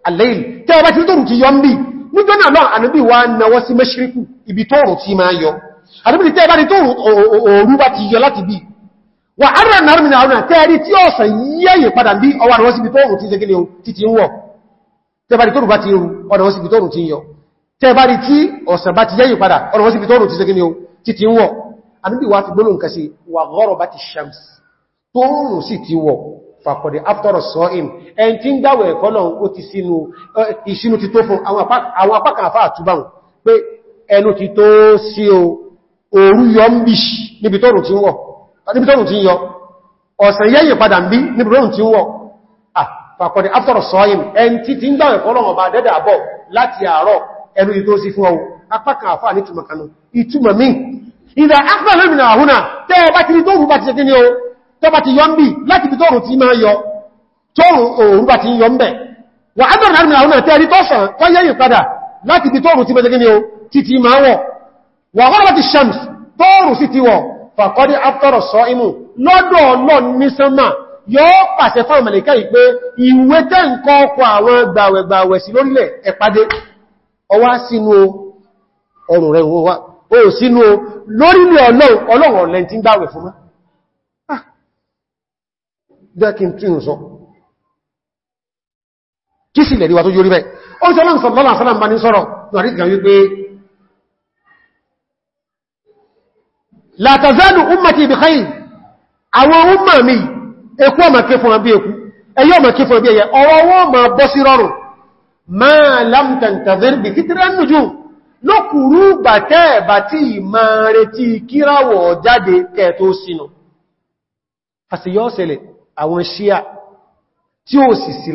al-layl tẹ́wọ́ bá ti tóòrù ti yọ ń bí níjọ́ náà lọ́n anábì wa nawọ́ sí mashriku ibi tóòrù ti máa yọ anábì tẹ́wọ́ bá ti tóòrù bá ti yọ láti bí wà ára náà mìíràn àwọn àtẹ́rí tí ó sàn yẹ́yẹ padà bí ọwà rẹ̀ wọ́n síbi tóòrùn tí ṣegílẹ̀ títí ń wọ̀ tẹbàrí tóòrùn bá ti rú ọ̀nà wọ́n síbi tóòrùn tí ń yọ tẹbàrí tí ọ̀sàn bá ti yẹ́yẹ padà ọ̀nà wọ́n síbi tóòrùn tí ṣegílẹ̀ shams tóòrùn sì ti wọ̀ fàkọ̀dẹ̀ aftara sọ́ìm ẹn tí ń gbáwẹ̀ ẹ̀kọ́ lọ ó ti sínú ìṣínú ti tó fún àwọn apákan àfáà túbáhùn pé ẹnu ti tó níbitọ́rùn ti yọ ọ̀sẹ̀ yẹ́yìn padà ń bí níbitọ́rùn ti wọ́ àfàkọ̀dẹ̀ after sọ́yìn ẹn tí ti ń gbà ẹ̀kọ́ lọ́wọ́ bá dẹ́dà bọ̀ láti àárọ̀ ẹnu ìtó sí fún ọwọ́ apákan àfà ní túnmọ̀kanú ìtumọ̀ mí ìdá afẹ́lẹ́mìnà ni o tọ́ bá ti yọ ń bí láti bí tóòrùn ti máa yọ tóòrùn òòrùn bá ti yọ ń bẹ̀ wà ágbẹ̀rẹ̀mìnà ni o títí máa wọ̀ wà ọ́rọ̀ ti shams tóòrùn sí ti wọ̀ fàkọ́dí aftọ́rọ̀ sọ imú lọ́dọ̀ ọlọ́ ní sánmà yóò pàṣẹ fún àmàlìkà ìpé ìwé tẹ́ nǹkan ọkọ̀ àwọn gbàwẹ̀gbàwẹ̀ sí lórílẹ̀ ẹ̀pàdé ọwá sínú ọrùn rẹ̀ wọ́wá o sínú lórílẹ̀ ọlọ́run ọ̀lẹ́ tí la tazalu ummati bi khayr àwọn umma mi eku ọmọ ké fún ọbí eku ẹyọ ọmọ ké fún ọbí ẹyẹ ọwọ́ wọ́n ma bọ́ sí rọrùn ma lam tantazir bi fitra nujum lókùrú bàtẹ́ bàtí ma retí kíráwọ̀ jáde kẹtó sínú àṣíyọ́sẹ̀lẹ̀ àwọn ṣíà tí ó sì sí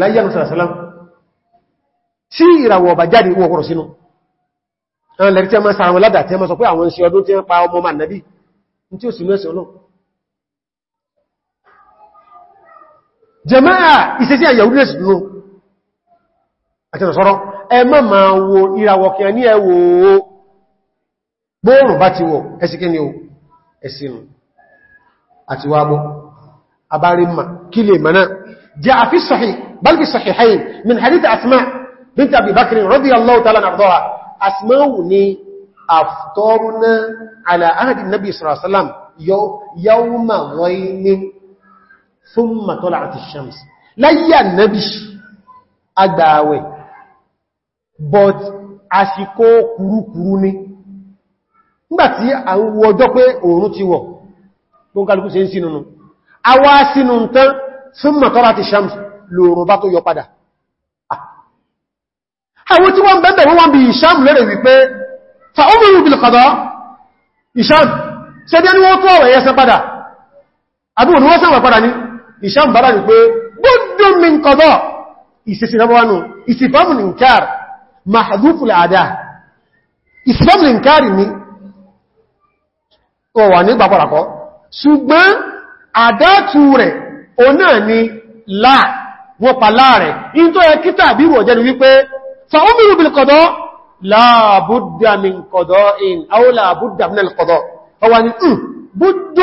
tí ìràwọ̀ ọ̀bà jáde wọ́n kọ̀rọ̀ sínú tí ó sì mẹ́sàn náà jẹmáà ìsẹsí àyàwó lè sùn lóò àti ọ̀sọ́rọ̀ ẹ má ma wo ìràwọ̀ kìí ní ẹwò bóòrùn bá ti wọ̀ ẹsìkẹ́ ni ó ẹ̀sìnù àti wábọ́ abárímà kí lè mọ̀ náà jẹ́ àfi sahih bal fi àfitọ́rúná àlàáàdì nàbí ìsìràsálàm yau ma wáyé fún matọ́lá àti shams láyíyà nàbí agbàwẹ̀ but àsìkò kúrúkúrú ní nígbàtí a ń wo ọjọ́ pé oòrùn ti wọ̀ tó ń kálukú se ń sínú nù a wá sínú tán fún matọ́lá àti shams lóòrùn bá tó yọ padà ah. àwọn tí wọ́n bẹ̀bẹ̀ wọ́n bí ìṣàmù lẹ́rẹ̀ wípé fa'umiru bil qada ìṣàn ṣe bí ẹni wọ́n kọ́ ọ̀rẹ̀ yẹsẹ padà àbúrò ni wọ́n sẹ́wọ̀n padà ní ìṣàn bára ní pé gbọ́dọ̀ min qada ìsẹsẹ̀ lọ́wọ́nù ìsìfàmù ní nkar mahadúfù láàdá ìsìfàmù wọ́n pa láàrẹ̀ in tó yẹ kíta bí wọ̀ jẹ́ ni wípé fa'umiru bil qada لا بد من قضاء أو لا بد من القضاء هو أن بد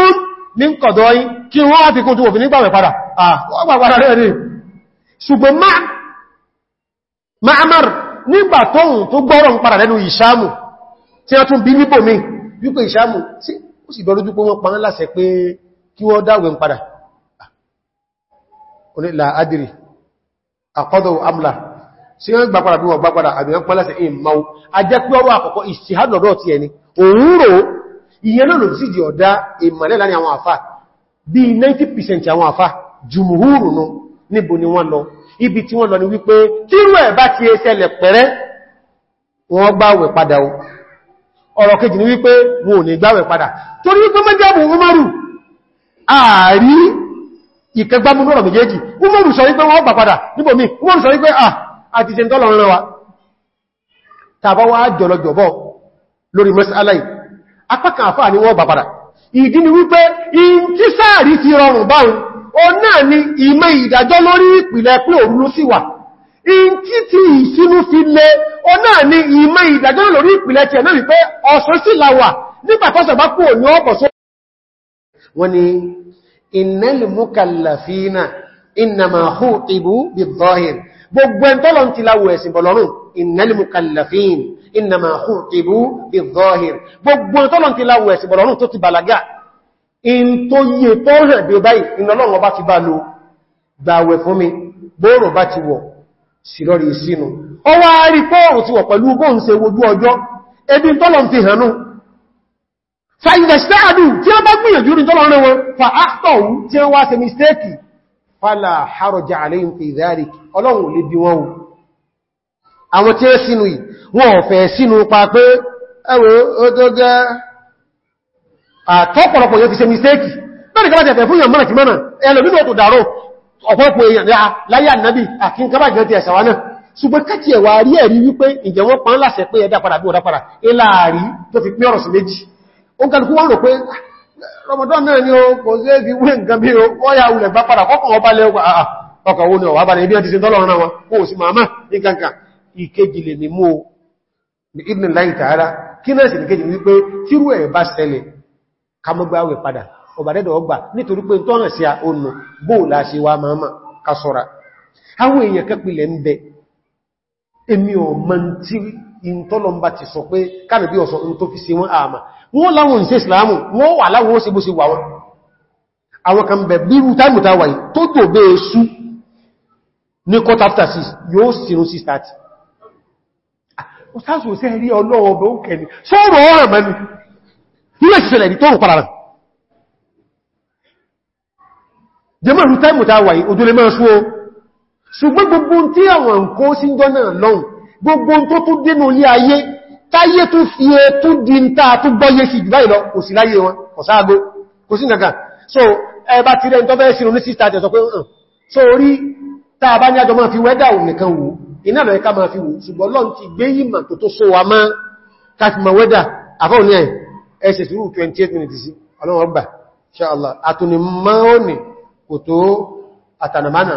من قضاء كي هو في كنت وفي نقبع وفرع ṣùgbọ́n ma'amar nígbà tóhun tó gbọ́rọ̀ ń padà lẹ́nu ìṣàmù tí a tún bí nípò mi wípé ìṣàmù sí ó sì bẹ̀rẹ̀ dúpọ̀ wọn paná láṣẹ pé kí wọ́n dáwẹ̀ ń padà onílà ah. adìrì àkọ́dọ̀ amla sí wọ́n gbàpadà bí wọ́n gbàpadà àbí wọ́n pọ́lẹ́sẹ̀ in mau a jẹ́ pé ọrọ̀ àkọ́kọ́ ìṣìhádọ̀dọ̀ ti ẹni òun rò ìyẹn náà ló sì di ọ̀dá ìmọ̀lẹ́ láàrin àwọn àfá bí 90% àwọn àfá jùmùhúrù nù níbo ni wọ́n lọ ibi tí wọ́n lọ ni wípé tí rẹ̀ bá ti ẹsẹ̀lẹ̀ pẹ̀rẹ́ wọ́n gbáwẹ̀ padà o ọ̀rọ̀ kejì ni wípé wọn ò ní gbáwẹ̀ padà torí wípé mẹ́jẹ̀bù umaru ààrí ìkẹgbámúnú ọ̀rọ̀ méjèèjì umaru sọ wípé wọ́n gbà padà níbòmí umaru sọ wípé ah àti ṣe tọ́lọ̀ rẹ̀ wa tàbá wá jọlọjọ̀bọ̀ lórí mẹ́sàláì apákan àfáà ni wọ́n bà padà ìdí ni wípé in tí sáàrí ti rọrùn báhùn o náà ni ìmẹ́ ìdájọ́ lórí ìpìlẹ̀ pé òrùlú sí wà in tí ti ìsinú fi lẹ o náà ni ìmẹ́ ìdájọ́ lórí ìpìlẹ̀ tí ẹ̀nà wípé ọ̀sán sí la wà nígbàtọ́sẹ̀ bá kú òní ọkọ̀ só wọ́n ni innal mukallafina innama khutibu bi gbogbo ẹntọ́lọ̀ ti láwọ̀ ẹ̀sìn bọ̀lọ́rùn ìnẹ́lìmù kàlàfíìn ìnàmà hùtìbú ìzọ́hìr gbogbo ẹntọ́lọ̀ ti láwọ̀ ẹ̀sìn bọ̀lọ́rùn tó ti bàlágà in tó yíè tó hàn bí báyìí ìnàlọ́rùn ọba ti bá lo gbàwẹ̀ fún mi bóòrò bá ti wọ̀ sílọ́rí sínú ọwá rí pọ́ọ̀rù ti wọ̀ pẹ̀lú bóòrùn se wojú ọjọ́ fa ìdẹ̀ṣẹ́ àdù tí ó bá gbìyànjú rí tọ́lọ̀ rẹ̀ wọn fa áàtọ̀ tí ó wá se mistéèkì fàlà àrọ̀jà àlẹ́yìn fi ìdárí ọlọ́run lè bí wọn àwọn tí ó sínú yìí wọn ò fẹ́ sínú pa pé ẹwẹ́ ó tó gẹ́ àtọ́pọ̀lọpọ̀ yóò fi ṣe mistéèkì bẹ́ẹ̀ kí wọ́n tẹ̀fẹ̀ fún ìyàmọ́nà kí mọ́nà ẹlòmínú ọ̀tọ̀ dàrọ ọ̀pọ̀lọpọ̀ èèyàn ah, láyé ànábì àkínkàbà jẹ́ ti ẹ̀sàwánà ṣùgbọ́n kẹ́kì ẹ̀wà Ramadan náà ni ó kò sí èdè wé nǹkan bí ó yà ulẹ̀ bá padà kọ́kàn ọba lẹ́ ọkọ̀ owó ni ọ̀wà bá ibi ọdí sí tọ́lọ̀rọ̀ náà wọn kó sí màmá ní kankan ìkejì lè ní mú ìdínlẹ̀ láì tààrà kí náà sì ìkejì wípé a èmi ọ̀mọ̀ tí ìntọ́lọmbà ti sọ pé kánàbí ọ̀sọ̀ ohun tó fi ṣe wọ́n àmà wọ́n láwọn ìṣẹ́ ìsìláàmù wọ́n wà láwọn ó ṣe bó ṣe wà wọ́n àwọn kan bẹ̀ bí rútàmù tàwà yìí tó tó bẹ́ ṣú ní court after six yóò sínú ṣùgbọ́n gbogbo tí àwọn nǹkan sí jọ́nà lọ́un gbogbo tó tó dénú ilé ayé táyé tó fi ẹ e tó di ń tàà tó gbọ́yé sí ìgbà ìlọ kò sí láyé wọn kò sáàgó kò sí nǹkan so ẹba ti rẹ̀ tó bẹ́ẹ̀ sínú ní sísta tẹ̀ sọ pé hàn so orí tàà bá ní àjọ máa fi wẹ́dà òun nìkan wò iná lọ ẹka máa fi wò ṣùgbọ́n lọ́n ti gbé yìmọ̀ tó tó so wa mọ́ káàkì mọ̀ wẹ́dà àfọ́ ní ẹ̀ 28 minutes sí ọlọ́run ọgbà ṣe àlọ́ àtùnimọ́ òní kò tó àtànàmánà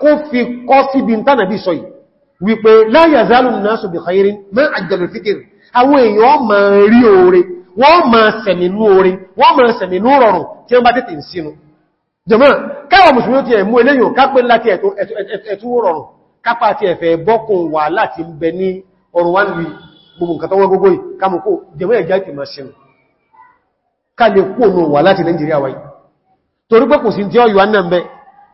kó fi kọ́ síbi tánàbí sọ yìí wípé la yazalu nasu bi khairin ma ajjalul fitr àwọn èèyàn ma rí oore wọ́n ma sẹ̀mínú oore wọ́n ma sẹ̀mínú rọrùn tí wọ́n bá tètè ń sínú jàmá káwà mùsùlùmí ti ẹ̀mú eléyìn kápẹ́ láti ẹ̀tú rọrùn kápá ti ẹ̀fẹ̀ bọ́kùn wà láti ń bẹ ní ọrùn wá ní gbogbo nǹkan tọ́wọ́ gbogbo yìí kámùkó torí pé sí tí ọ yọ annà bẹ́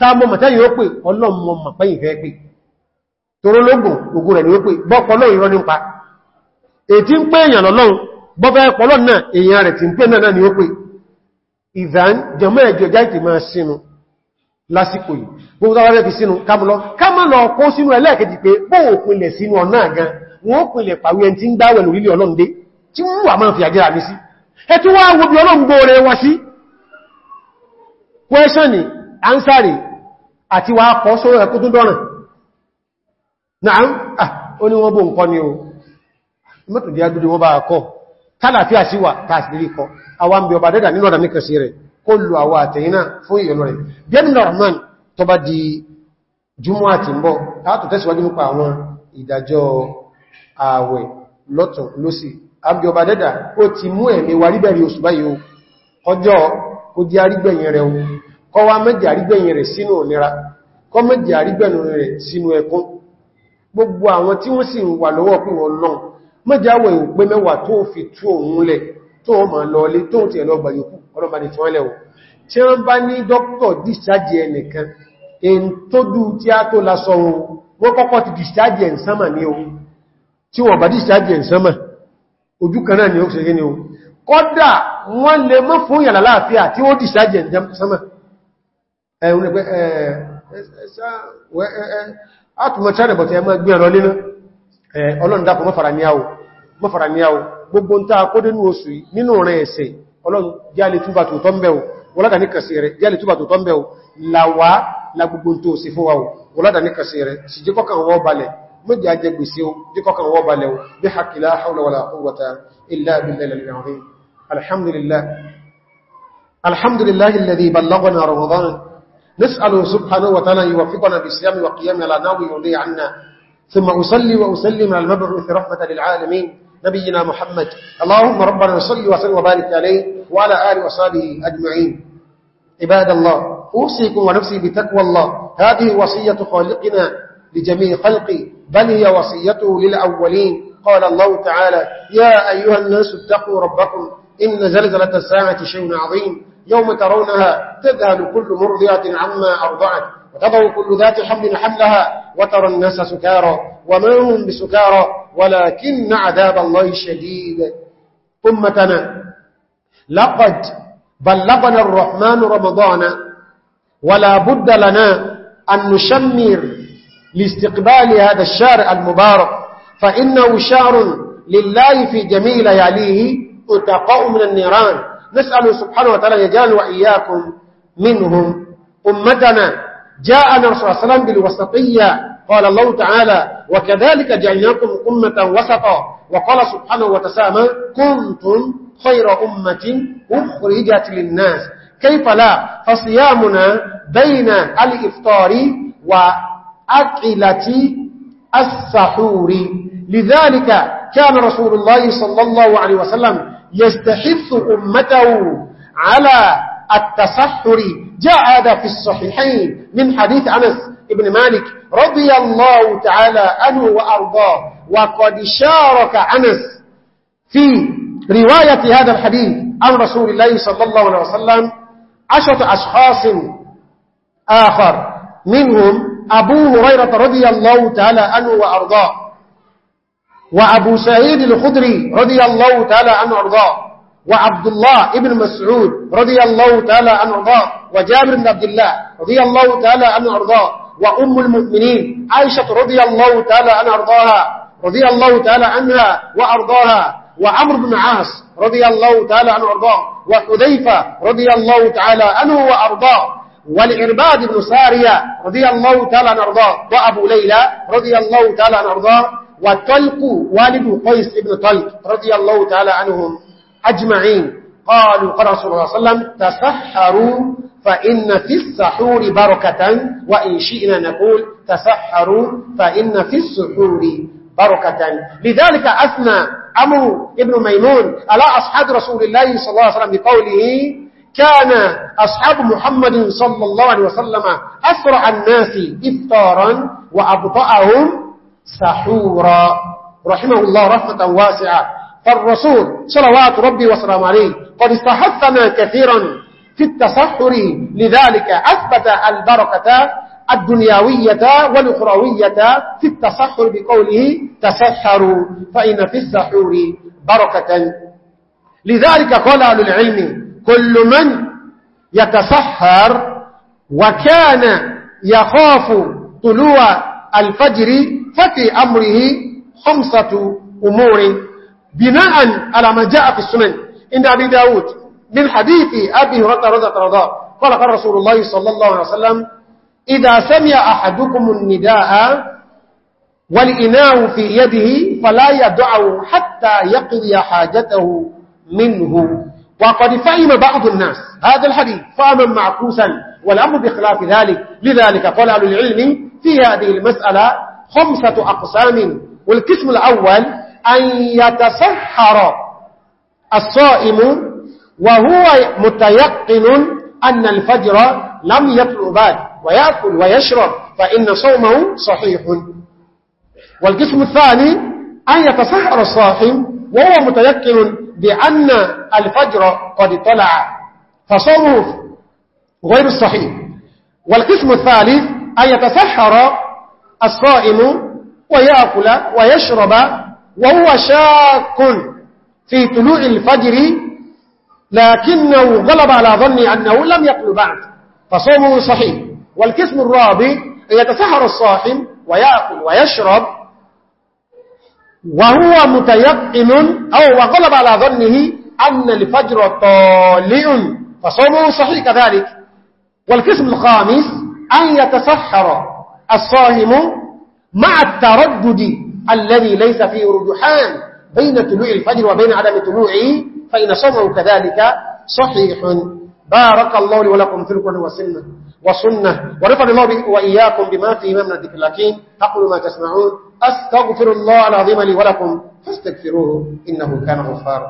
táàmọ́ mọ̀tá yóò pè ọlọ́mọ mọ̀pẹ́yìn fẹ́ pè toró lógún ogun rẹ̀ yóò pè bọ́pọ̀lọ́ ìrọ́ nípa ètí ń pè èèyàn lọ́lọ́run bọ́fẹ́ pọ̀lọ́ náà èèyàn rẹ̀ ti ń pè náà ni ó pè ìdán jẹmọ́ ẹ̀jọ jáìtì máa sínú lásìkò yìí gbogbo tó wáyé fi sínú kámúlọ kámúlọ kó sínú ẹlẹ́ẹ̀kejì pé bó òpinlẹ̀ sínú ọ̀nà gan wọn òpinlẹ̀ pàwí ẹni tí ń dáwẹ̀ lórílẹ̀ ọlọ́ndé tí wọ́n wà máa fi àjẹ́ra mi sí ẹtú wá wo bí ọlọ́mgbò rẹ̀ wá sí kwẹ́ṣọ́nì ansari àti wá kọ́ sórí ẹ̀kú tó dọ́nà náà ah, ó ní wọ́n bó nǹkan ni o mọ́tò di agbúdé wọ́n bá kọ́ tálàfíà sí wà tààsìlì kọ́ àwọn bí ọba dẹ́dà nínú ọ̀dà mẹ́kànsí rẹ̀ kó lù àwọ àtẹ̀yìnà fún ìyọnu di jùmọ́ àti ń bọ́ látò tẹ́síwájú nípa àwọn ìdájọ́ ààwẹ̀ lọ́tọ̀ lọ́sì àbí ọba rẹ̀ kọ wá mẹ́jì àrígbẹ̀yìn rẹ̀ sínú ònira kọ mẹ́jì àrígbẹ̀nù rẹ̀ sínú ẹkún gbogbo àwọn tí wọ́n sì ń wà lọ́wọ́ pín wọn lọ́n mẹ́jì àwọ̀ ìwòpé mẹ́wàá tó fi tú òun lẹ̀ tó ma lọlé discharge ẹnìkan in tó dú tí discharge ẹ̀ sánmà ní ohun discharge ẹ̀ sánmà ni ó ṣe gẹ́ ni ohun kọ́dà wọ́n lè mọ́ fún yàlá láàfíà tí ó discharge ẹ̀ ẹ̀rùn pẹ́ àtùmọ̀ṣẹ́rẹ̀bọ̀tí ẹmọ́ gbé ọ̀rọ̀ lẹ́nà ọlọ́ndàkù mọ́fàràníyàwó gbogbo ń tàà kó dénú oṣù nínú rẹ̀ ẹ̀sẹ̀ ọlọ́run jáàlè túbà tó tọ́ mẹ́wò wọ́ládàní kàṣẹ rẹ̀ jáàlè túbà tó tọ́ mẹ́wò làwá la gbogbo tó sì fún wáwò wọ́ládàní kàṣẹ rẹ̀ sì jẹ́ kọ́kàn wọ́ balẹ̀ méjì ajẹ́ gbèsè o jẹ́ kọ́kàn wọ́ balẹ̀ o نسأله سبحانه وتعالى يوفقنا بالسيام وقيام على نار يولي عنا ثم أصلي وأسلم على المبعوث رحمة للعالمين نبينا محمد اللهم ربنا نصلي وسلم وبارك عليه وعلى آله وصحبه أجمعين عباد الله أوصيكم ونفسي بتقوى الله هذه وصية خالقنا لجميع خلقه بل هي وصيته للأولين قال الله تعالى يا أيها الناس اتقوا ربكم إن زلزلة الساعة شيء عظيم يوم ترونها تذهل كل مرضية عما أرضعت وتضع كل ذات حمل حملها وترى الناس سكارى وما هم بسكارى ولكن عذاب الله شديد أمتنا لقد بلغنا الرحمن رمضان ولا بد لنا أن نشمر لاستقبال هذا الشارع المبارك فإنه شعر لله في جميل لياليه أتقاء من النيران نسأل سبحانه وتعالى يجعل وإياكم منهم أمتنا جاءنا رسول الله صلى الله عليه وسلم بالوسطية قال الله تعالى وكذلك جعلناكم أمة وسطا وقال سبحانه وتسامى كنتم خير أمة أخرجت للناس كيف لا فصيامنا بين الإفطار وأكلة السحور لذلك كان رسول الله صلى الله عليه وسلم يستحث أمته على التصحر جاء هذا في الصحيحين من حديث أنس ابن مالك رضي الله تعالى أنه وأرضاه وقد شارك أنس في رواية هذا الحديث عن رسول الله صلى الله عليه وسلم عشرة أشخاص آخر منهم أبو هريرة رضي الله تعالى أنه وأرضاه وأبو سعيد الخدري رضي الله تعالى عنه أرضاه وعبد الله ابن مسعود رضي الله تعالى عنه أرضاه وجابر بن عبد الله رضي الله تعالى عنه أرضاه وأم المؤمنين عائشة رضي الله تعالى عنها أرضاها رضي الله تعالى عنها وأرضاها وعمر بن عاص رضي الله تعالى عنه أرضاه وحذيفة رضي الله تعالى عنه وأرضاه والعرباد بن سارية رضي الله تعالى عنه أرضاه وأبو ليلى رضي الله تعالى عنه أرضاه وطلق والد قيس ابن طلق رضي الله تعالى عنهم أجمعين قالوا قال رسول الله صلى الله عليه وسلم تسحروا فإن في السحور بركة وإن شئنا نقول تسحروا فإن في السحور بركة لذلك أثنى أمر ابن ميمون على أصحاب رسول الله صلى الله عليه وسلم بقوله كان أصحاب محمد صلى الله عليه وسلم أسرع الناس إفطارا وأبطأهم سحورا رحمه الله رحمة واسعة فالرسول صلوات ربي وسلام عليه قد استحثنا كثيرا في التسحر لذلك أثبت البركة الدنيوية والأخروية في التسحر بقوله تسحروا فإن في السحور بركة لذلك قال أهل العلم كل من يتسحر وكان يخاف طلوع الفجر ففي أمره خمسة أمور بناء على ما جاء في السنن إن أبي داود من حديث أبي هريرة رضا رضا قال قال رسول الله صلى الله عليه وسلم إذا سمع أحدكم النداء والإناء في يده فلا يدعه حتى يقضي حاجته منه وقد فهم بعض الناس هذا الحديث فأمن معكوسا والأمر بخلاف ذلك لذلك قال أهل العلم في هذه المسألة خمسة أقسام والكسم الأول أن يتسحر الصائم وهو متيقن أن الفجر لم يطلع بعد ويأكل ويشرب فإن صومه صحيح والقسم الثاني أن يتسحر الصائم وهو متيقن بأن الفجر قد طلع فصومه غير الصحيح والقسم الثالث أن يتسحر الصائم ويأكل ويشرب وهو شاك في طلوع الفجر لكنه غلب على ظني أنه لم يقل بعد فصومه صحيح والكسم الرابع أن يتسحر الصائم ويأكل ويشرب وهو متيقن أو وغلب على ظنه أن الفجر طالئ فصومه صحيح كذلك والكسم الخامس أن يتسحر الصائم مع التردد الذي ليس فيه رجحان بين طلوع الفجر وبين عدم طلوعه فإن صومه كذلك صحيح بارك الله لي ولكم في القرآن والسنة وصنة ورفض الله وإياكم بما فيه من الذكر لكن أقول ما تسمعون أستغفر الله العظيم لي ولكم فاستغفروه إنه كان غفارا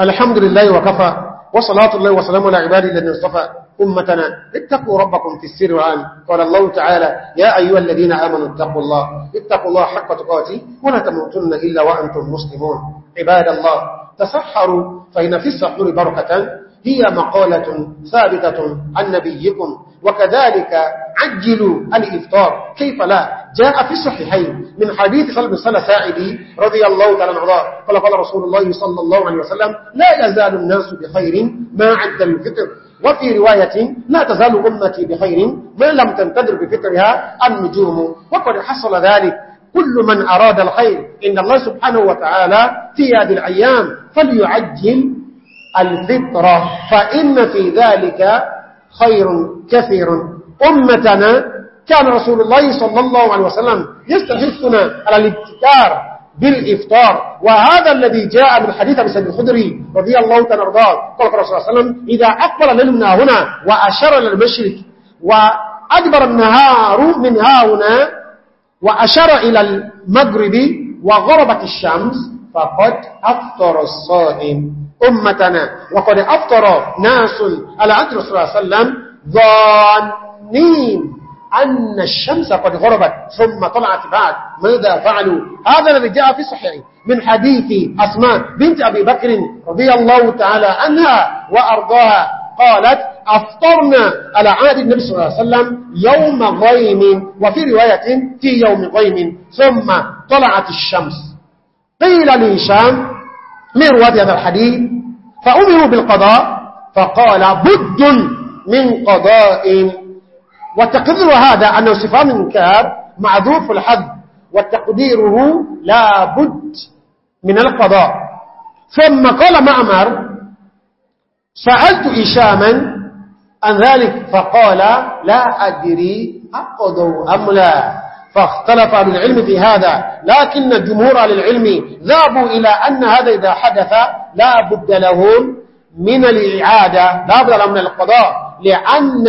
الحمد لله وكفى وصلاة الله وسلام على عبادي الذين اصطفى أمتنا اتقوا ربكم في السر والعلم قال الله تعالى يا أيها الذين آمنوا اتقوا الله اتقوا الله حق تقاتي ولا تموتن إلا وأنتم مسلمون عباد الله تسحروا فإن في السحر بركة هي مقالة ثابتة عن نبيكم وكذلك عجلوا الإفطار كيف لا جاء في الصحيحين من حديث صلب صلى ساعدي رضي الله تعالى عنه قال قال رسول الله صلى الله عليه وسلم لا يزال الناس بخير ما عد الفطر وفي رواية لا تزال أمتي بخير ما لم تنتدر بفطرها النجوم وقد حصل ذلك كل من أراد الخير إن الله سبحانه وتعالى في هذه الأيام فليعجل الفطرة فإن في ذلك خير كثير أمتنا كان رسول الله صلى الله عليه وسلم يستحثنا على الابتكار بالإفطار وهذا الذي جاء من حديث بسيد سيد الخدري رضي الله تعالى رضاه قال رسول الله صلى الله عليه وسلم إذا أقبل الليل هنا وأشر إلى المشرك وأدبر النهار من ها هنا وأشر إلى المغرب وغربت الشمس فقد أفطر الصائم أمتنا وقد أفطر ناس على عهد رسول الله صلى الله عليه وسلم ظانين أن الشمس قد غربت ثم طلعت بعد ماذا فعلوا هذا الذي جاء في صحيح من حديث أسماء بنت أبي بكر رضي الله تعالى عنها وأرضاها قالت أفطرنا على عهد النبي صلى الله عليه وسلم يوم غيم وفي رواية في يوم غيم ثم طلعت الشمس قيل لهشام من رواية هذا الحديث فأمروا بالقضاء فقال بد من قضاء وتقدير هذا أنه استفهام من معذوف الحد وتقديره لا بد من القضاء ثم قال معمر سألت إشاما عن ذلك فقال لا أدري أقضوا أم لا فاختلف عن العلم في هذا لكن الجمهور على العلم ذهبوا إلى أن هذا إذا حدث لا بد لهم من الإعادة لا بد لهم من القضاء لأن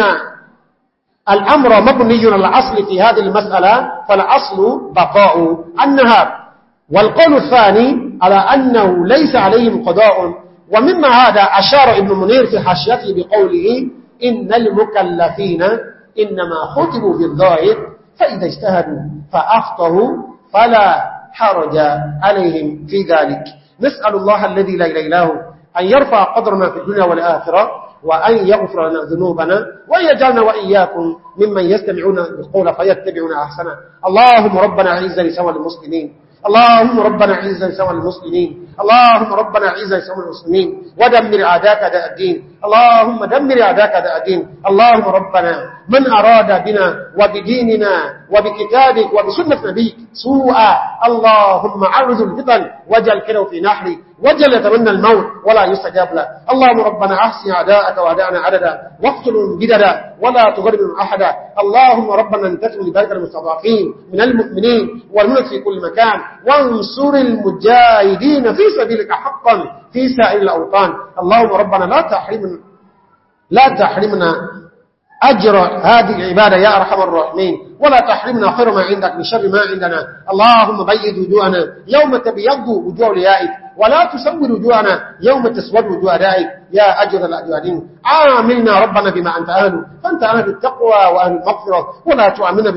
الأمر مبني العصل الأصل في هذه المسألة فالأصل بقاء النهار والقول الثاني على أنه ليس عليهم قضاء ومما هذا أشار ابن منير في حاشيته بقوله إن المكلفين إنما خطبوا الظاهر فإذا اجتهدوا فأفطروا فلا حرج عليهم في ذلك نسأل الله الذي لا إله إلا هو أن يرفع قدرنا في الدنيا والآخرة وأن يغفر لنا ذنوبنا وأن يجعلنا وإياكم ممن يستمعون القول فيتبعون أحسنا اللهم ربنا عز لسوى المسلمين اللهم ربنا عز لسوى المسلمين اللهم ربنا عز لسوى المسلمين ودمر عداك داء الدين اللهم دمر عداك داء الدين اللهم ربنا من أراد بنا وبديننا وبكتابك وبسنة نبيك سوءا اللهم عرض الفتن وجل كله في نحري وجل يتمنى الموت ولا يستجاب له اللهم ربنا أحسن عداءك وعداءنا عددا واقتل جددا ولا تغرب أحدا اللهم ربنا انتقل لبارك المستضعفين من المؤمنين والملك في كل مكان وانصر المجاهدين في سبيلك حقا في سائر الأوطان اللهم ربنا لا تحرمنا لا تحرمنا أجر هذه العبادة يا أرحم الراحمين ولا تحرمنا خير ما عندك من شر ما عندنا اللهم بيض وجوهنا يوم تبيض وجوه ليائك ولا تسود وجوهنا يوم تسود وجوه داعي يا أجر الأجوانين عاملنا ربنا بما أنت أهل فأنت أهل التقوى وأهل المغفرة ولا تؤمن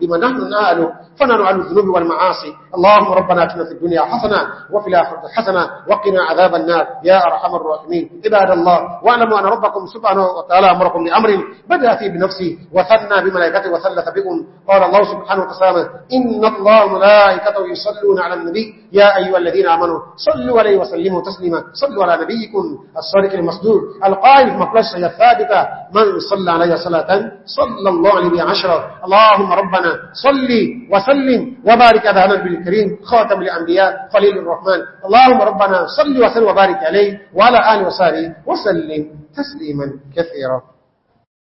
بما نحن نأهل فنحن أهل الذنوب والمعاصي اللهم ربنا أتنا في الدنيا حسنة وفي الآخرة حسنة وقنا عذاب النار يا أرحم الراحمين عباد الله واعلموا أن ربكم سبحانه وتعالى أمركم لأمر بدأ فيه بنفسه وثنى بملائكته وثلث بكم قال الله سبحانه وتعالى إن الله ملائكته يصلون على النبي يا أيها الذين آمنوا صلوا عليه وسلموا تسليما صلوا على نبيكم الصادق المصدور القائل في مقلشة الثابتة من صلى علي صلاة صلى الله عليه عشرة اللهم ربنا صلي وسلم وبارك على نبي الكريم خاتم الأنبياء خليل الرحمن اللهم ربنا صلي وسلم وبارك عليه وعلى آله وسلم وسلم تسليما كثيرا